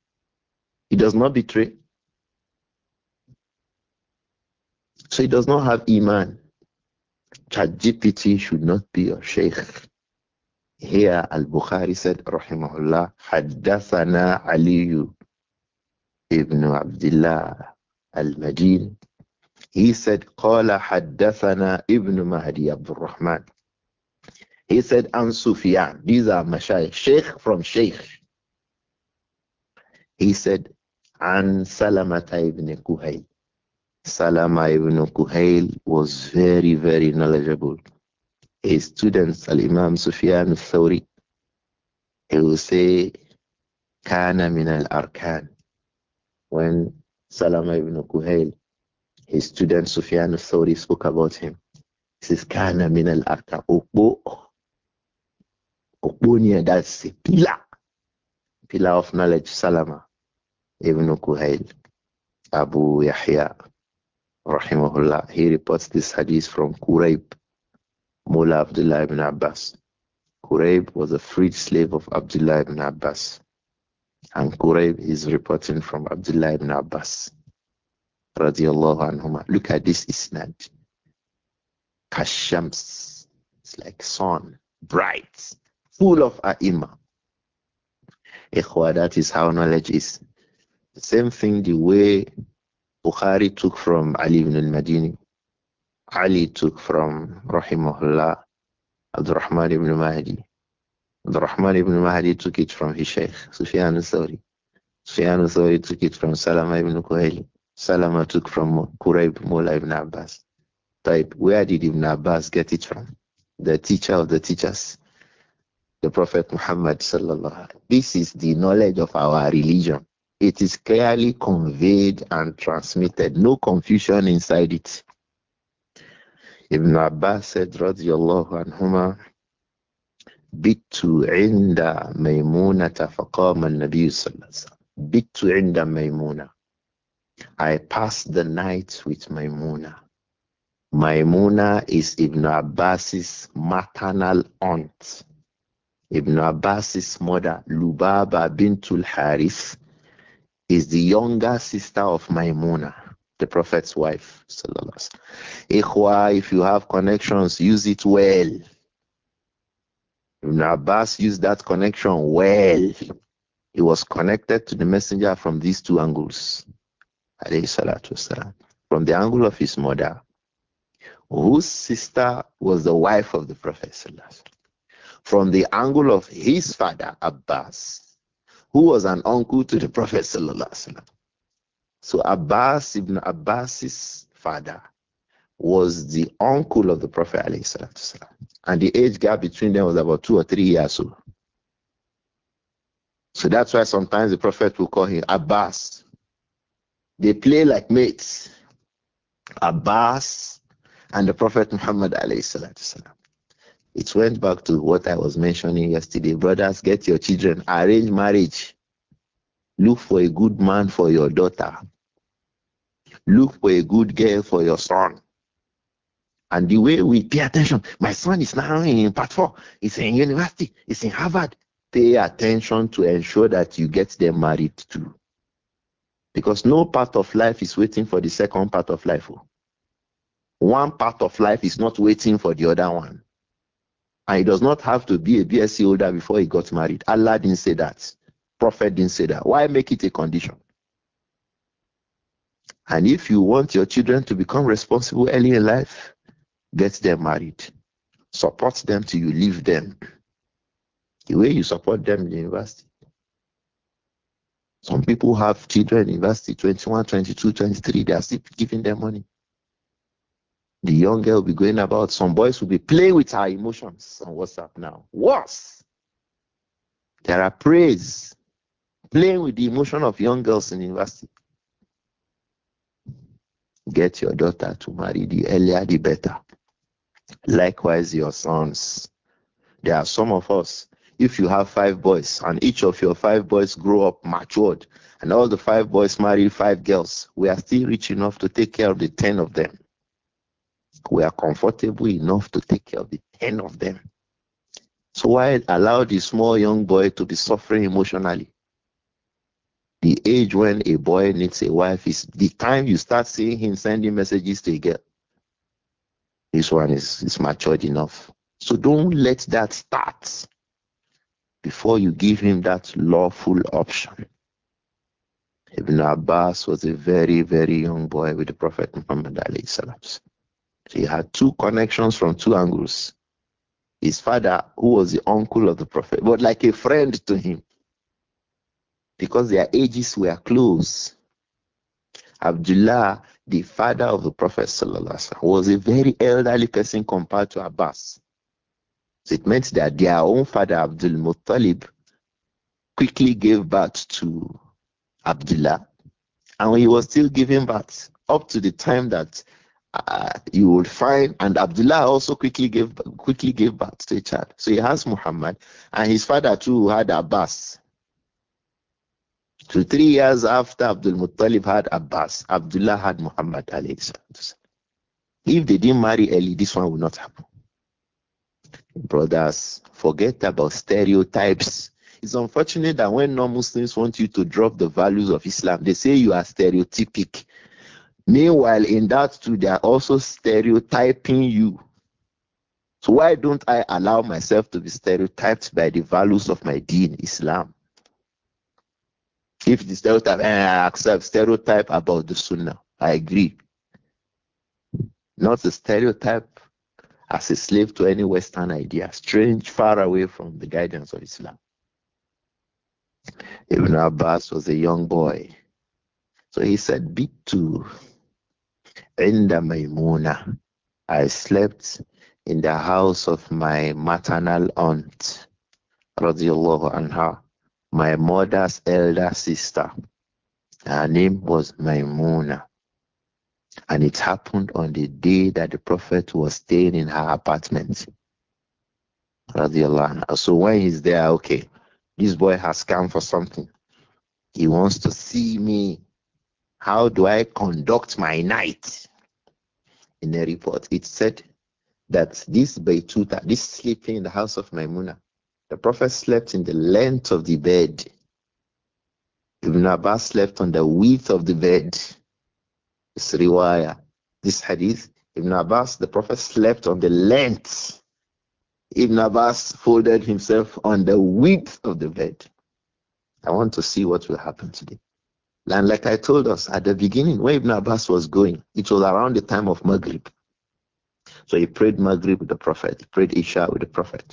It does not betray. So it does not have iman. ChatGPT should not be your sheikh. Here Al-Bukhari said, Rahimahullah, Haddathana Aliyu ibn Abdullah Al-Majid. He said, Qala Haddathana ibn Mahdi Abdul Rahman. He said, An Sufyan. These are Mashayikh, Sheikh from Sheikh. He said, An Salamata ibn Kuhail. Salama ibn Kuhail was very, very knowledgeable his students, Al Imam Sufyan Thawri, he will say, Kana min al Arkan. When Salama ibn Kuhail, his student Sufyan Thawri, spoke about him, he says, Kana min al Arkan. Okbo. Okbonia, that's a pillar. Pillar of knowledge, Salama ibn Kuhail, Abu Yahya, rahimahullah. He reports this hadith from Quraib Mullah Abdullah ibn Abbas. Quraib was a freed slave of Abdullah ibn Abbas. And Quraib is reporting from Abdullah ibn Abbas. Look at this isnad. Kashams. It's like sun, bright, full of aima. Ikhwa, that is how knowledge is. The same thing the way Bukhari took from Ali ibn al-Madini Ali took from Rahimahullah Abdurrahman ibn Mahdi. Abdurrahman ibn Mahdi took it from his Sheikh Sufyan al-Thawri. Sufyan al-Thawri took it from Salama ibn Kuhaili. Salama took from Qurayb Mula ibn Abbas. Type, where did Ibn Abbas get it from? The teacher of the teachers, the Prophet Muhammad sallallahu This is the knowledge of our religion. It is clearly conveyed and transmitted. No confusion inside it. Ibn Abbas said, radiyallahu anhuma, بِتُّ عِنْدَ مَيْمُونَةَ فَقَامَ النَّبِيُّ صَلَّى اللَّهُ عَلَيْهِ وَسَلَّمَ بِتُّ I passed the night with Maymuna. Maimuna is Ibn Abbas's maternal aunt. Ibn Abbas's mother, Lubaba bintul Harith, is the younger sister of Maimuna the Prophet's wife. Ikhwa, if you have connections, use it well. Ibn Abbas used that connection well. He was connected to the messenger from these two angles. From the angle of his mother, whose sister was the wife of the Prophet. From the angle of his father, Abbas, who was an uncle to the Prophet. So Abbas ibn Abbas's father was the uncle of the Prophet ﷺ. And the age gap between them was about two or three years old. So that's why sometimes the Prophet will call him Abbas. They play like mates. Abbas and the Prophet Muhammad ﷺ. It went back to what I was mentioning yesterday. Brothers, get your children, arrange marriage. Look for a good man for your daughter Look for a good girl for your son. And the way we pay attention, my son is now in part four, he's in university, he's in Harvard. Pay attention to ensure that you get them married too. Because no part of life is waiting for the second part of life. Oh. One part of life is not waiting for the other one. And it does not have to be a BSc holder before he got married. Allah didn't say that. Prophet didn't say that. Why make it a condition? And if you want your children to become responsible early in life, get them married. Support them till you leave them. The way you support them in the university. Some people have children in university 21, 22, 23, they are still giving them money. The young girl will be going about, some boys will be playing with her emotions on WhatsApp now. Worse. There are praise playing with the emotion of young girls in university. Get your daughter to marry the earlier the better. Likewise, your sons. There are some of us, if you have five boys and each of your five boys grow up matured and all the five boys marry five girls, we are still rich enough to take care of the 10 of them. We are comfortable enough to take care of the 10 of them. So why allow the small young boy to be suffering emotionally? The age when a boy needs a wife is the time you start seeing him sending messages to a girl. This one is, is matured enough. So don't let that start before you give him that lawful option. Ibn Abbas was a very, very young boy with the Prophet Muhammad. He had two connections from two angles. His father, who was the uncle of the Prophet, but like a friend to him because their ages were close. Abdullah, the father of the Prophet, was a very elderly person compared to Abbas. So it meant that their own father, Abdul Muttalib, quickly gave birth to Abdullah. And he was still giving birth, up to the time that uh, you would find, and Abdullah also quickly gave quickly gave birth to a child. So he has Muhammad, and his father too had Abbas. So three years after Abdul Muttalib had Abbas, Abdullah had Muhammad If they didn't marry early, this one would not happen. Brothers, forget about stereotypes. It's unfortunate that when non-Muslims want you to drop the values of Islam, they say you are stereotypic. Meanwhile, in that too, they are also stereotyping you. So why don't I allow myself to be stereotyped by the values of my deen, Islam? If the stereotype, and eh, I accept stereotype about the Sunnah, I agree. Not a stereotype as a slave to any Western idea, strange, far away from the guidance of Islam. Ibn Abbas was a young boy. So he said, to Inda Maimuna. I slept in the house of my maternal aunt, radiallahu anha my mother's elder sister. Her name was Maimuna. And it happened on the day that the Prophet was staying in her apartment. So when he's there, okay, this boy has come for something. He wants to see me. How do I conduct my night? In the report, it said that this Beituta, this sleeping in the house of Maimuna, the Prophet slept in the length of the bed. Ibn Abbas slept on the width of the bed. This riwayah, this hadith, Ibn Abbas, the Prophet slept on the length. Ibn Abbas folded himself on the width of the bed. I want to see what will happen today. And like I told us at the beginning, where Ibn Abbas was going, it was around the time of Maghrib. So he prayed Maghrib with the Prophet, he prayed Isha with the Prophet.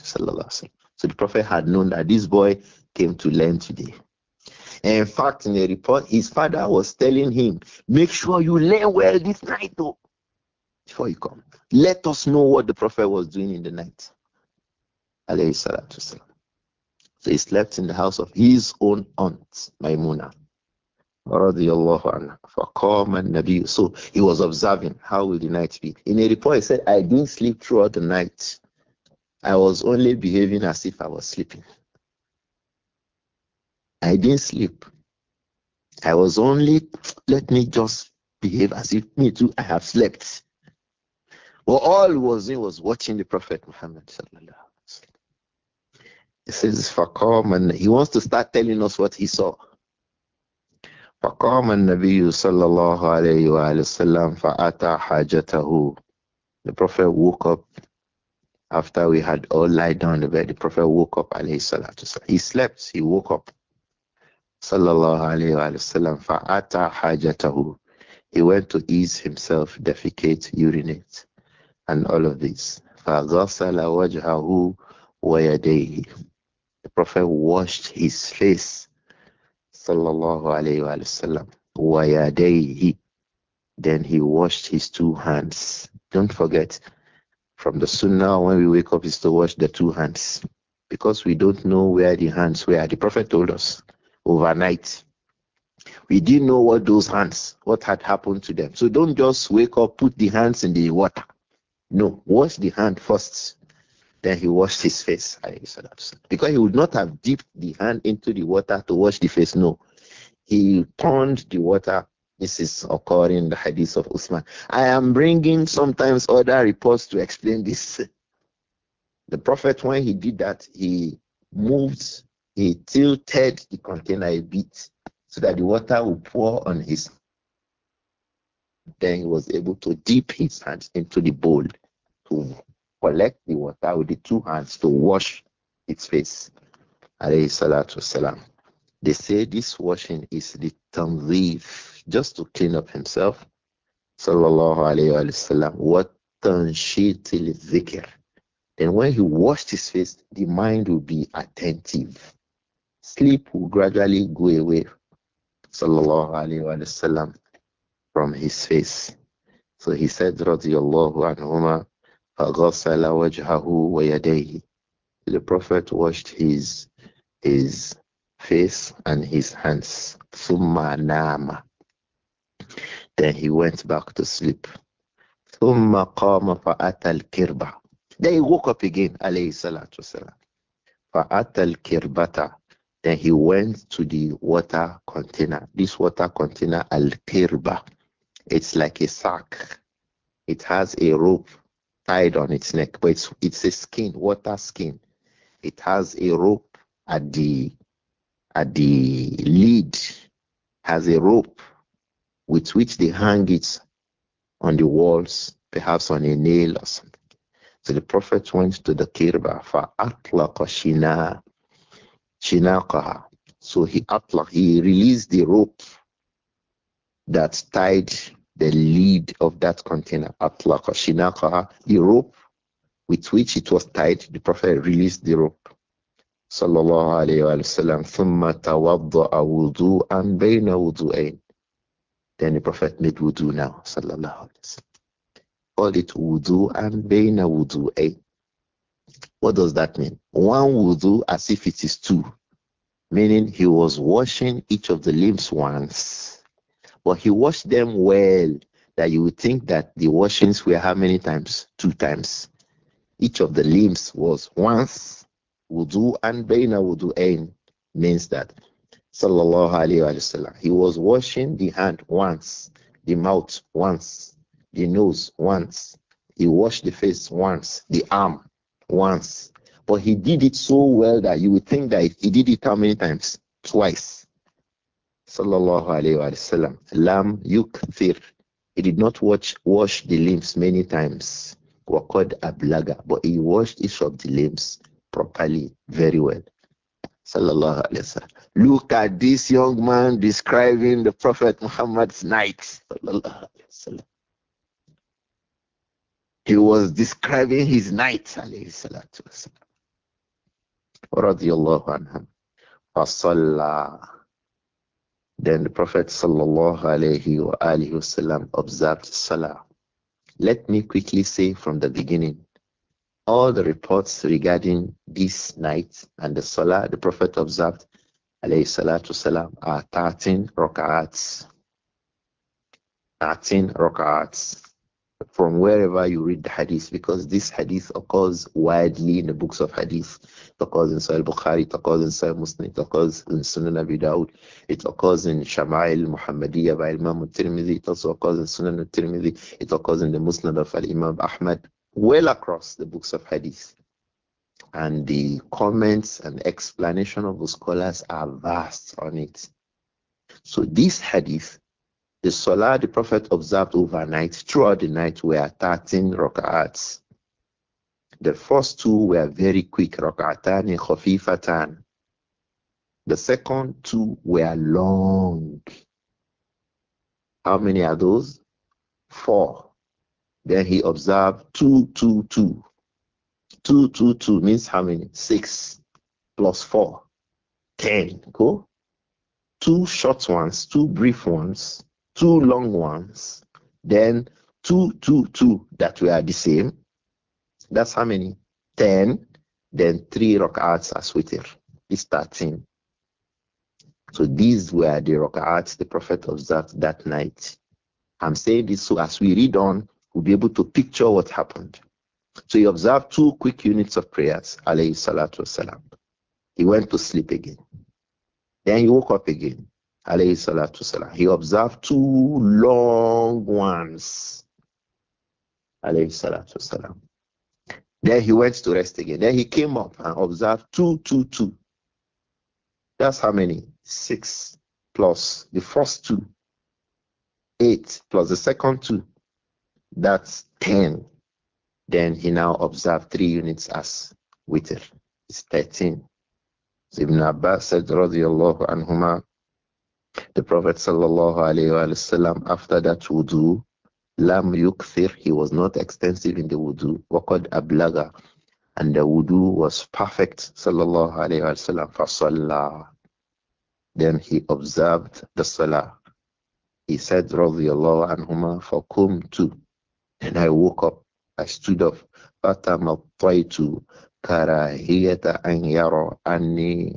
So the Prophet had known that this boy came to learn today. In fact, in a report, his father was telling him, Make sure you learn well this night, though, before you come. Let us know what the Prophet was doing in the night. So he slept in the house of his own aunt, Maimuna. So he was observing how will the night be. In a report, he said, I didn't sleep throughout the night. I was only behaving as if I was sleeping. I didn't sleep. I was only, let me just behave as if me too, I have slept. Well, all was in was watching the Prophet Muhammad. He says, Faqam, and he wants to start telling us what he saw. فقام النبي صلى الله عليه وآله وسلم فأتى حاجته. The Prophet woke up after we had all lied down in the bed, the Prophet woke up, He slept, he woke up. He went to ease himself, defecate, urinate, and all of this. The Prophet washed his face, Then he washed his two hands. Don't forget, from the sunnah when we wake up is to wash the two hands because we don't know where the hands were. The Prophet told us overnight. We didn't know what those hands, what had happened to them. So don't just wake up, put the hands in the water. No, wash the hand first. Then he washed his face. Because he would not have dipped the hand into the water to wash the face. No. He turned the water this is occurring in the hadith of Usman. I am bringing sometimes other reports to explain this. The Prophet, when he did that, he moved, he tilted the container a bit so that the water would pour on his. Then he was able to dip his hands into the bowl to collect the water with the two hands to wash its face. Alayhi salatu salam. They say this washing is the tanzif just to clean up himself. Sallallahu alayhi wasallam. What tanshiti dhikr. Then when he washed his face, the mind will be attentive. Sleep will gradually go away. Sallallahu alayhi wasallam from his face. So he said, radiyallahu anhuma, فَغَسَلَ وَجْهَهُ وَيَدَيْهِ The Prophet washed his, his face and his hands. Summa نَامَ then he went back to sleep. Then he woke up again, Then he went to the water container. This water container, al-kirba, it's like a sack. It has a rope tied on its neck, but it's, it's a skin, water skin. It has a rope at the at the lead, has a rope with which they hang it on the walls, perhaps on a nail or something. So the Prophet went to the Kirba for Atlaqashina Shinaqaha. So he atlaq, he released the rope that tied the lid of that container. Atlaqashinaqa, the rope with which it was tied, the Prophet released the rope. Sallallahu alayhi wa sallam. ثم توضأ وضوءا bayna وضوءين. Then the Prophet made wudu now, sallallahu alayhi wasallam. Called it wudu and bayna wudu a. Eh? What does that mean? One wudu as if it is two, meaning he was washing each of the limbs once, but he washed them well. That you would think that the washings were how many times? Two times. Each of the limbs was once wudu and bayna wudu a eh, means that Sallallahu alayhi wasallam. he was washing the hand once, the mouth once, the nose once, he washed the face once, the arm once. But he did it so well that you would think that he did it how many times? Twice. Sallallahu alayhi wasallam. Lam yukthir. He did not watch, wash the limbs many times. Waqad ablaga. But he washed each of the limbs properly, very well. Look at this young man describing the Prophet Muhammad's nights. He was describing his nights. night, alayhi salatu wa sallam. Radiallahu anhum. Then the Prophet sallallahu alayhi wa alayhi wa sallam observed salah. Let me quickly say from the beginning all the reports regarding this night and the Salah the Prophet observed alayhi salatu salam are 13 rak'ats. 13 rak'ats from wherever you read the hadith because this hadith occurs widely in the books of hadith. It occurs in Sahih Bukhari, it occurs in Sahih Muslim, it occurs in Sunan Abi Dawud, it occurs in Shama'il Muhammadiyah by Imam al-Tirmidhi, it also occurs in Sunan al-Tirmidhi, it occurs in the Musnad of Al-Imam Ahmad, well across the books of hadith. And the comments and explanation of the scholars are vast on it. So this hadith, the salah the Prophet observed overnight throughout the night were 13 rak'ats. The first two were very quick, rak'atan khafifatan. The second two were long. How many are those? Four. Then he observed two, two, two. Two, two, two means how many? Six plus four. Ten. Cool. Two short ones, two brief ones, two long ones. Then two, two, two that were the same. That's how many? Ten. Then three arts as witr. It's thirteen. So these were the arts the Prophet observed that night. I'm saying this so as we read on, will be able to picture what happened. So he observed two quick units of prayers, alayhi salatu wasalam. He went to sleep again. Then he woke up again, alayhi salatu wasalam. He observed two long ones, alayhi salatu wasalam. Then he went to rest again. Then he came up and observed two, two, two. That's how many? Six plus the first two. Eight plus the second two. That's 10. Then he now observed three units as witr. It's 13. So Ibn Abbas said, radiallahu anhuma, the Prophet sallallahu alayhi wa sallam, after that wudu, lam yukthir, he was not extensive in the wudu, waqad ablaga, and the wudu was perfect, sallallahu alayhi wa sallam, fasallah. Then he observed the salah. He said, radiallahu anhuma, fakum too and I woke up. I stood up. Atama pray to Karaheta and Yaro Ani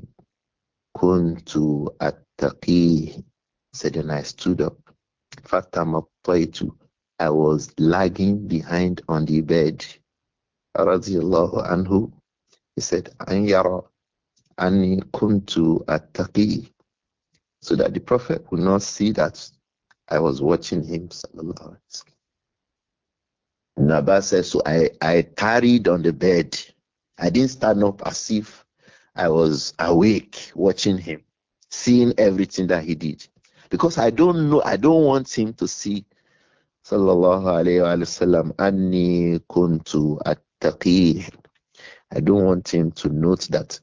Kuntu Ataki. Said, and I stood up. Fatama pray to. I was lagging behind on the bed. Radiallahu anhu. He said, and Yaro Ani Kuntu Ataki. So that the Prophet would not see that I was watching him. Sallallahu Naba says, So I, I tarried on the bed. I didn't stand up as if I was awake watching him, seeing everything that he did. Because I don't know, I don't want him to see, sallallahu alayhi wasallam, anni kuntu attaqih. I don't want him to note that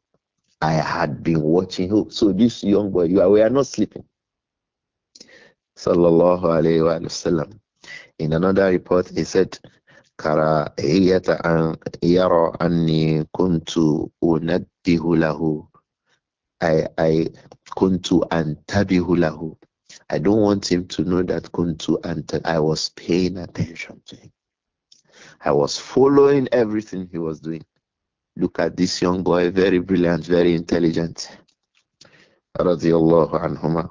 I had been watching him. So this young boy, you are, we are not sleeping. Sallallahu alayhi wasallam. In another report, he said, أن يرى أني كنت له I, كنت أنتبه له I don't want him to know that kuntu and I was paying attention to him. I was following everything he was doing. Look at this young boy, very brilliant, very intelligent. Radiallahu anhuma.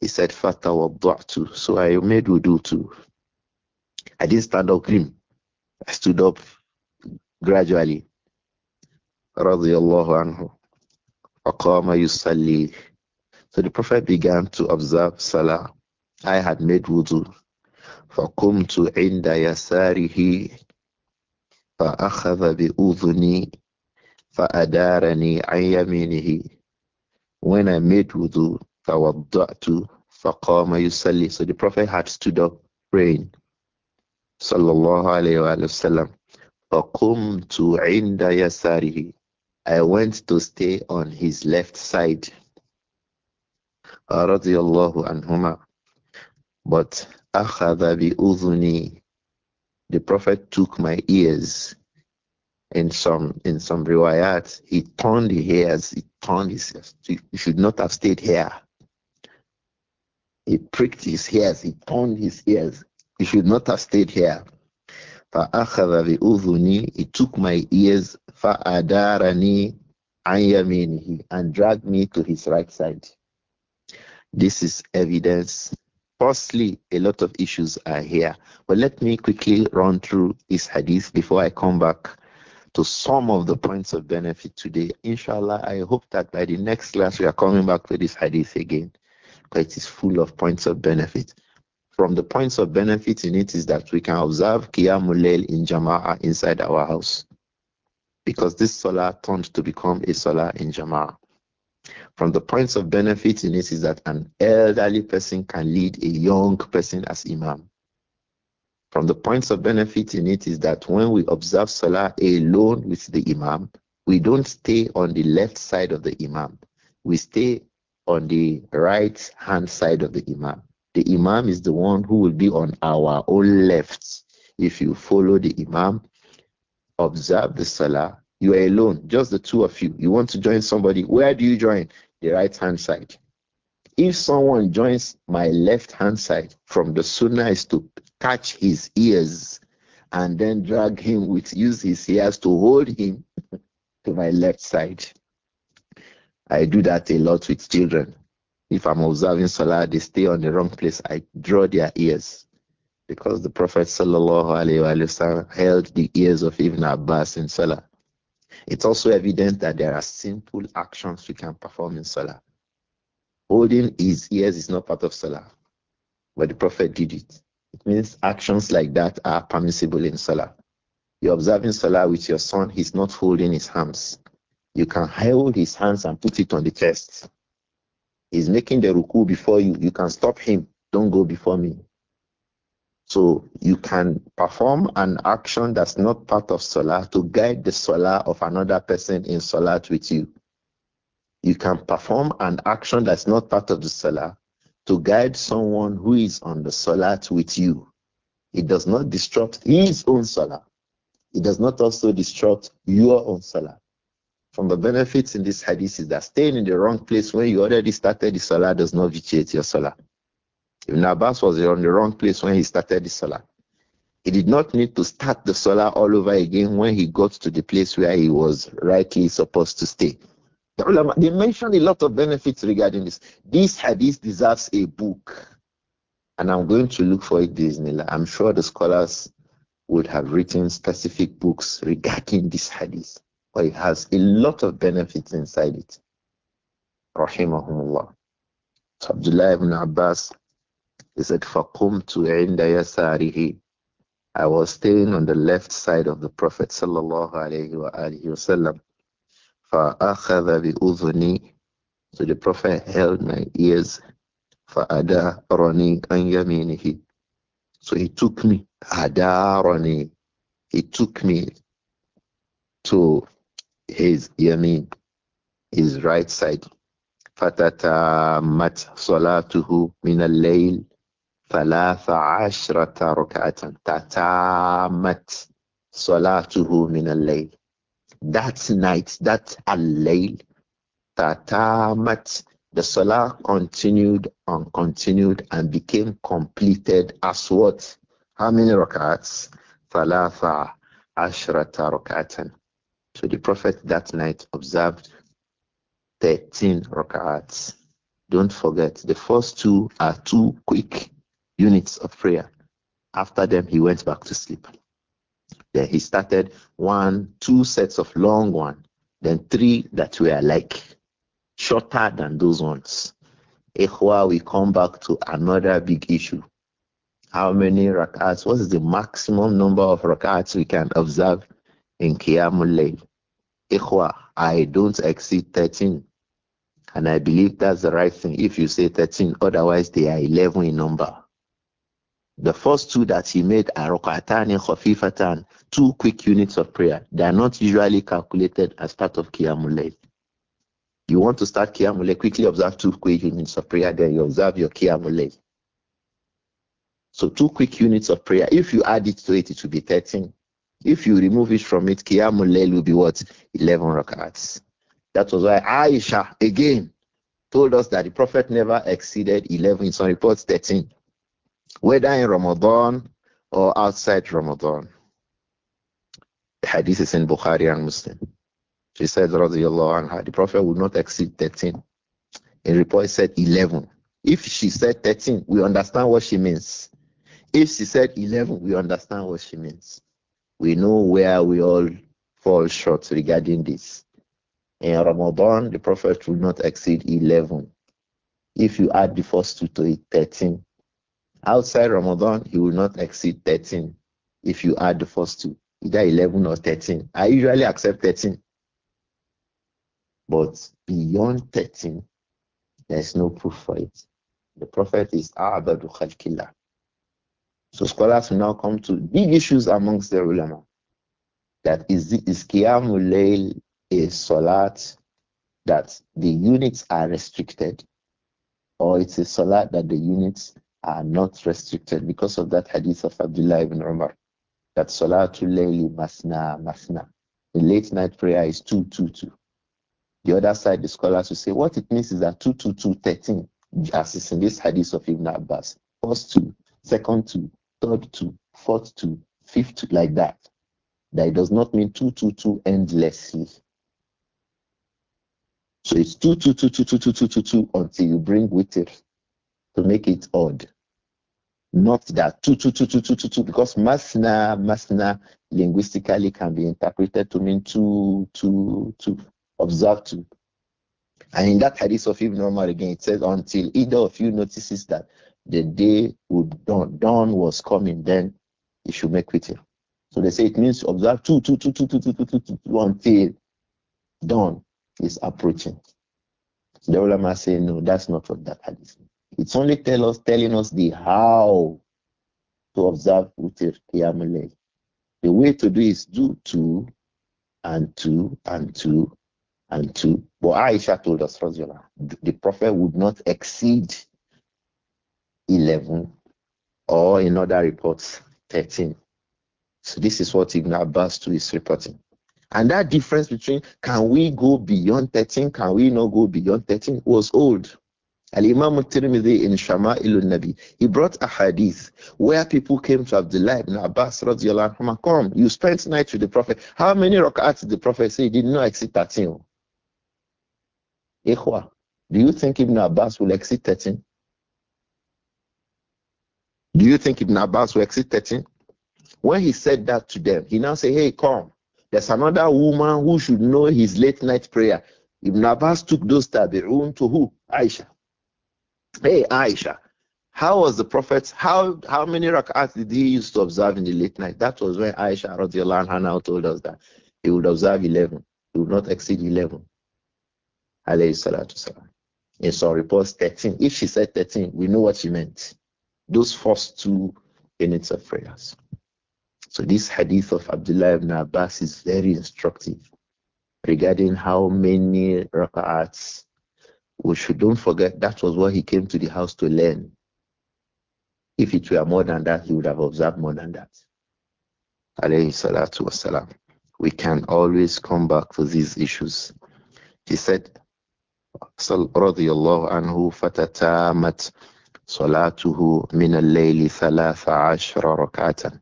He said, Fatawadda'tu. So I made wudu too. I didn't stand up him stood up gradually. رضي الله عنه فقام يصلي So the Prophet began to observe Salah. I had made wudu. فقمت عند يساره فأخذ بأذني فأدارني عن يمينه When I made wudu, توضأت فقام يصلي So the Prophet had stood up praying sallallahu alayhi wa sallam, tu inda yasarihi. I went to stay on his left side. Radiallahu anhuma. But akhadha bi The Prophet took my ears. In some in some riwayat, he turned the hairs, he turned his ears. He should not have stayed here. He pricked his ears, he turned his ears, you should not have stayed here. فَأَخَذَ He took my ears فَأَدَارَنِي And dragged me to his right side. This is evidence. Firstly, a lot of issues are here. But let me quickly run through this hadith before I come back to some of the points of benefit today. Inshallah, I hope that by the next class we are coming back to this hadith again, but it is full of points of benefit from the points of benefit in it is that we can observe Qiyamul in Jama'ah inside our house. Because this Salah turned to become a Salah in Jama'ah. From the points of benefit in it is that an elderly person can lead a young person as Imam. From the points of benefit in it is that when we observe Salah alone with the Imam, we don't stay on the left side of the Imam. We stay on the right hand side of the Imam. The Imam is the one who will be on our own left. If you follow the Imam, observe the Salah, you are alone, just the two of you. You want to join somebody, where do you join? The right hand side. If someone joins my left hand side from the sunnah is to catch his ears and then drag him with use his ears to hold him <laughs> to my left side. I do that a lot with children. If I'm observing Salah, they stay on the wrong place, I draw their ears. Because the Prophet وسلم, held the ears of Ibn Abbas in Salah. It's also evident that there are simple actions we can perform in Salah. Holding his ears is not part of Salah, but the Prophet did it. It means actions like that are permissible in Salah. You're observing Salah with your son, he's not holding his hands. You can hold his hands and put it on the chest. Is making the ruku before you. You can stop him. Don't go before me. So you can perform an action that's not part of Salah to guide the Salah of another person in Salah with you. You can perform an action that's not part of the Salah to guide someone who is on the Salah with you. It does not disrupt his own Salah. It does not also disrupt your own Salah. From the benefits in this hadith is that staying in the wrong place when you already started the salah does not vitiate your salah. Ibn Abbas was on the wrong place when he started the salah. He did not need to start the salah all over again when he got to the place where he was rightly supposed to stay. they mentioned a lot of benefits regarding this. This hadith deserves a book, and I'm going to look for it, Disneyland. I'm sure the scholars would have written specific books regarding this hadith. But it has a lot of benefits inside it. Rahimahumullah. So Abdullah ibn Abbas, he said, فَقُمْتُ عِنْدَ يَسَارِهِ I was staying on the left side of the Prophet sallallahu alayhi wa alihi wasallam. فَأَخَذَ بِأُذُنِي So the Prophet held my ears. فَأَدَارَنِي أَنْ يَمِينِهِ So he took me. أَدَارَنِي He took me to his yamin, his right side. Uh, mat فتتامت صلاته من الليل ثلاث عشرة ركعة salatuhu min al الليل That night, that al-layl, tatamat, the salah continued and continued and became completed as what? How many rakats? Thalatha ashrata rakatan. So the Prophet that night observed 13 rak'ats. Don't forget, the first two are two quick units of prayer. After them, he went back to sleep. Then he started one, two sets of long one, then three that were like shorter than those ones. Ikhwa, we come back to another big issue. How many rakats? What is the maximum number of rakats we can observe in Qiyamul Ikhwa, I don't exceed 13. And I believe that's the right thing if you say 13, otherwise they are 11 in number. The first two that he made are Rokatani Khafifatan, two quick units of prayer. They are not usually calculated as part of Qiyamul You want to start Qiyamul quickly observe two quick units of prayer, then you observe your Qiyamul So two quick units of prayer. If you add it to it, it will be 13. If you remove it from it, Qiyamul Layl will be what? 11 rakats. That was why Aisha, again, told us that the Prophet never exceeded 11, in some reports 13, whether in Ramadan or outside Ramadan. The hadith is in Bukhari and Muslim. She said, Radiallahu anha, the Prophet would not exceed 13. In report, said 11. If she said 13, we understand what she means. If she said 11, we understand what she means. We know where we all fall short regarding this. In Ramadan, the Prophet will not exceed 11. If you add the first two to it, 13. Outside Ramadan, he will not exceed 13 if you add the first two, either 11 or 13. I usually accept 13. But beyond 13, there's no proof for it. The Prophet is Abadu Khalkillah. So scholars will now come to big issues amongst the ulama. That is, is Qiyamul Layl a salat that the units are restricted, or it's a salat that the units are not restricted because of that hadith of Abdullah ibn Umar that Salatul Layli Masna Masna. The late night prayer is 222. The other side, the scholars will say what it means is that two two two thirteen 13, as is in this hadith of Ibn Abbas, first two, second two, third to fifth like that. That does not mean two, two, two endlessly. So it's two, two, two, two, two, two, two, two, two until you bring with it to make it odd. Not that two, two, two, two, two, two, two, because masna, masna linguistically can be interpreted to mean two, two, two, observe two. And in that hadith of Ibn normal again, it says, until either of you notices that the day would dawn, dawn was coming, then he should make witr. So they say it means observe two, two, two, two, two, two, two, two, two, two until dawn is approaching. So the ulama say no, that's not what that hadith means. It's only tell us, telling us the how to observe witr qiyamul The way to do is do two and two and two and two. But Aisha told us, the Prophet would not exceed 11, or in other reports, 13. So this is what Ibn Abbas too is reporting. And that difference between can we go beyond 13, can we not go beyond 13 was old. Al Imam Tirmidhi in Shama ilun Nabi, he brought a hadith where people came to Abdullah ibn Abbas radiallahu anhu, come, you spent night with the Prophet. How many rak'ats did the Prophet say? He did not exceed 13. Ikhwa, do you think Ibn Abbas will exceed 13? Do you think Ibn Abbas will exit 13? When he said that to them, he now said, Hey, come. There's another woman who should know his late night prayer. Ibn Abbas took those tabi'un to who? Aisha. Hey, Aisha, how was the prophet? How how many rak'at did he used to observe in the late night? That was when Aisha radiallahu anha now told us that he would observe 11. He would not exceed 11. Alayhi salatu salam. In some reports, 13. If she said 13, we know what she meant. Those first two units of prayers. So this hadith of Abdullah ibn Abbas is very instructive regarding how many rak'ats we should don't forget that was what he came to the house to learn. If it were more than that, he would have observed more than that. Alayhi salatu wasalam. We can always come back to these issues. He said, رضي الله Salatuhu min al-layli thalatha ashra rakatan.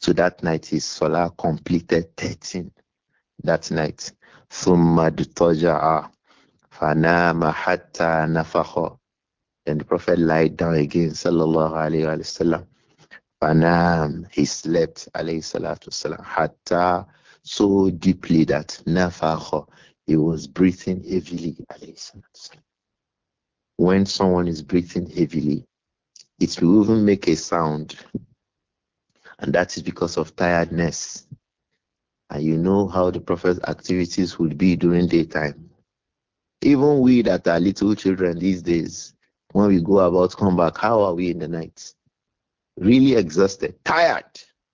So that night his salah completed 13 that night. ثم اضطجع فنام حتى نفخ. Then the Prophet lied down again, sallallahu alayhi wa sallam. he slept, alayhi salatu wasalam, hatta so deeply that nafakha, he was breathing heavily, alayhi salatu when someone is breathing heavily, it will even make a sound. And that is because of tiredness. And you know how the Prophet's activities would be during daytime. Even we that are little children these days, when we go about come back, how are we in the night? Really exhausted, tired,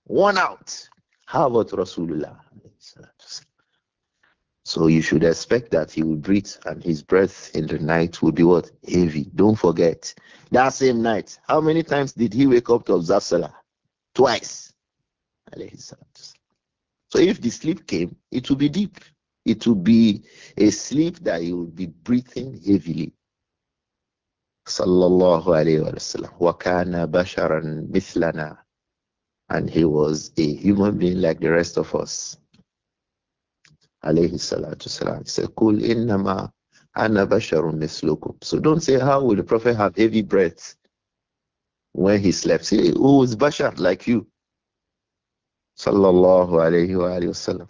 worn out. How about Rasulullah? So you should expect that he will breathe and his breath in the night will be what? Heavy. Don't forget. That same night, how many times did he wake up to observe Salah? Twice. So if the sleep came, it will be deep. It will be a sleep that he will be breathing heavily. Sallallahu alayhi wa sallam. Wa kana basharan mithlana. And he was a human being like the rest of us. عليه الصلاة والسلام سيقول إنما أنا بشر مثلكم So don't say, how will the Prophet have heavy breath when he slept? Say, who is بشر like you? صلى الله عليه وآله وسلم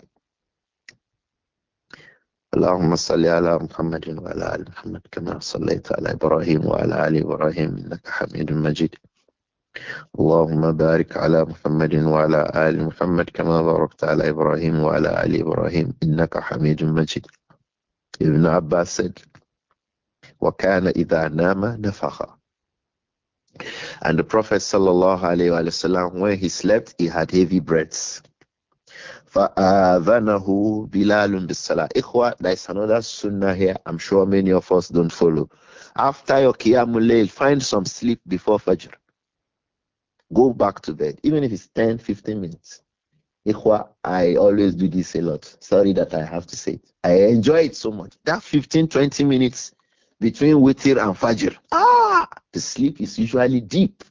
اللهم صل على محمد وعلى ال محمد كما صليت على ابراهيم وعلى ال ابراهيم انك حميد مجيد اللهم بارك على محمد وعلى آل محمد كما باركت على إبراهيم وعلى آل إبراهيم إنك حميد مجيد ابن عباس وكان إذا نام نفخ and the Prophet sallallahu alayhi wa sallam when he slept he had heavy breaths فآذنه بلال بالصلاة إخوة there is another sunnah here I'm sure many of us don't follow after your Qiyamul Layl find some sleep before Fajr Go back to bed, even if it's 10, 15 minutes. I always do this a lot. Sorry that I have to say it. I enjoy it so much. That 15, 20 minutes between Witir and Fajr, ah, the sleep is usually deep.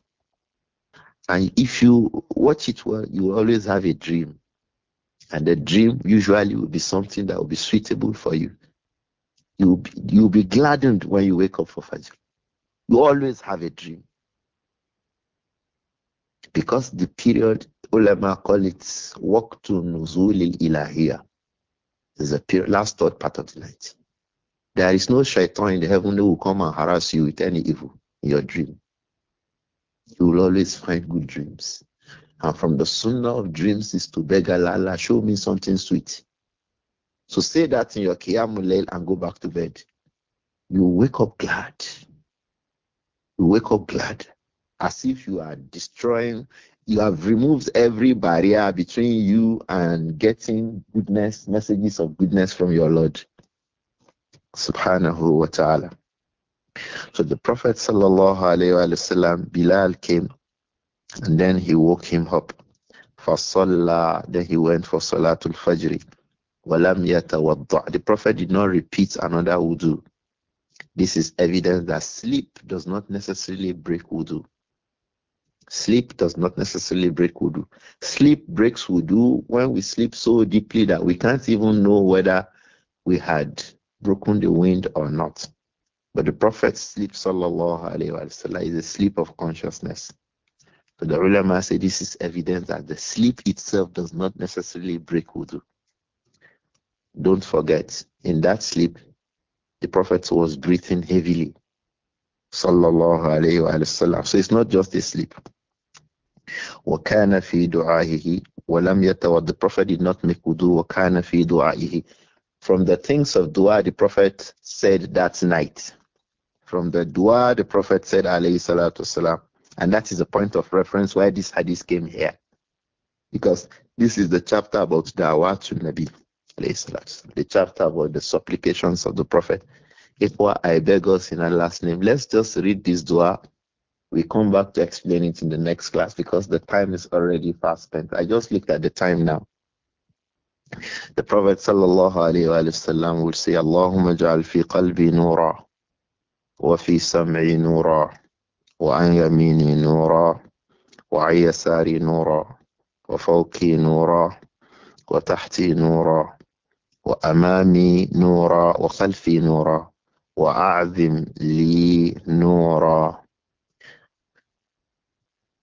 And if you watch it well, you always have a dream. And the dream usually will be something that will be suitable for you. You'll be, you'll be gladdened when you wake up for Fajr. You always have a dream because the period ulama call it waktu nuzul ilahiya, is the period, last third part of the night. There is no shaitan in the heaven who will come and harass you with any evil in your dream. You will always find good dreams. And from the sunnah of dreams is to beg Allah, show me something sweet. So say that in your Qiyamul and go back to bed. You wake up glad. You wake up glad as if you are destroying, you have removed every barrier between you and getting goodness, messages of goodness from your Lord. Subhanahu wa ta'ala. So the Prophet sallallahu alayhi wa sallam, Bilal came and then he woke him up. for salah. then he went for Salatul Fajr. Walam The Prophet did not repeat another wudu. This is evidence that sleep does not necessarily break wudu. Sleep does not necessarily break wudu. Sleep breaks wudu when we sleep so deeply that we can't even know whether we had broken the wind or not. But the Prophet's sleep, sallallahu alayhi wasallam, is a sleep of consciousness. So the ulama say this is evidence that the sleep itself does not necessarily break wudu. Don't forget, in that sleep, the Prophet was breathing heavily. Sallallahu alayhi wa So it's not just a sleep. وَكَانَ فِي دُعَائِهِ وَلَمْ يَتَوَدْ The Prophet did not make wudu. وَكَانَ فِي دُعَائِهِ From the things of dua the Prophet said that night. From the dua the Prophet said alayhi salatu wasalam. And that is the point of reference why this hadith came here. Because this is the chapter about da'wah to Nabi. The chapter about the supplications of the Prophet. If I beg us in Allah's name, let's just read this dua we come back to explain it in the next class because the time is already fast spent. I just looked at the time now. The Prophet sallallahu alaihi wasallam would say, "Allahumma ja'al fi qalbi nura, wa fi sam'i nura, wa an yamini nura, wa an yasari nura, wa fawqi nura, wa tahti nura, wa amami nura, wa khalfi nura, wa a'zim li nura."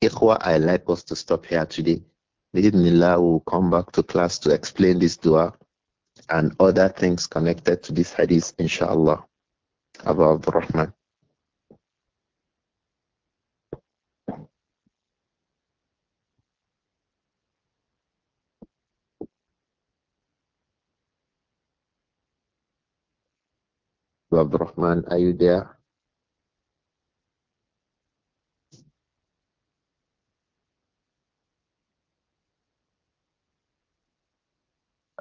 Ikhwa, I like us to stop here today. Bismillah, Nila will come back to class to explain this dua and other things connected to this hadith, inshallah. Abu Abdurrahman. Abdurrahman, are you there?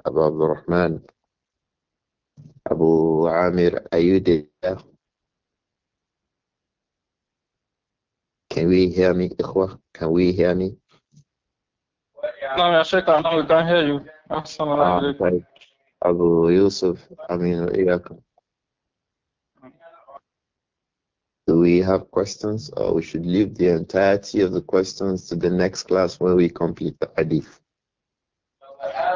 Abu Abdul Rahman. Abu Amir, are Can we hear me, Ikhwa? Can we hear me? No, I know we can't hear you. Assalamu alaikum. Abu Yusuf, I mean, Iyakum. Do we have questions or we should leave the entirety of the questions to the next class when we complete the hadith?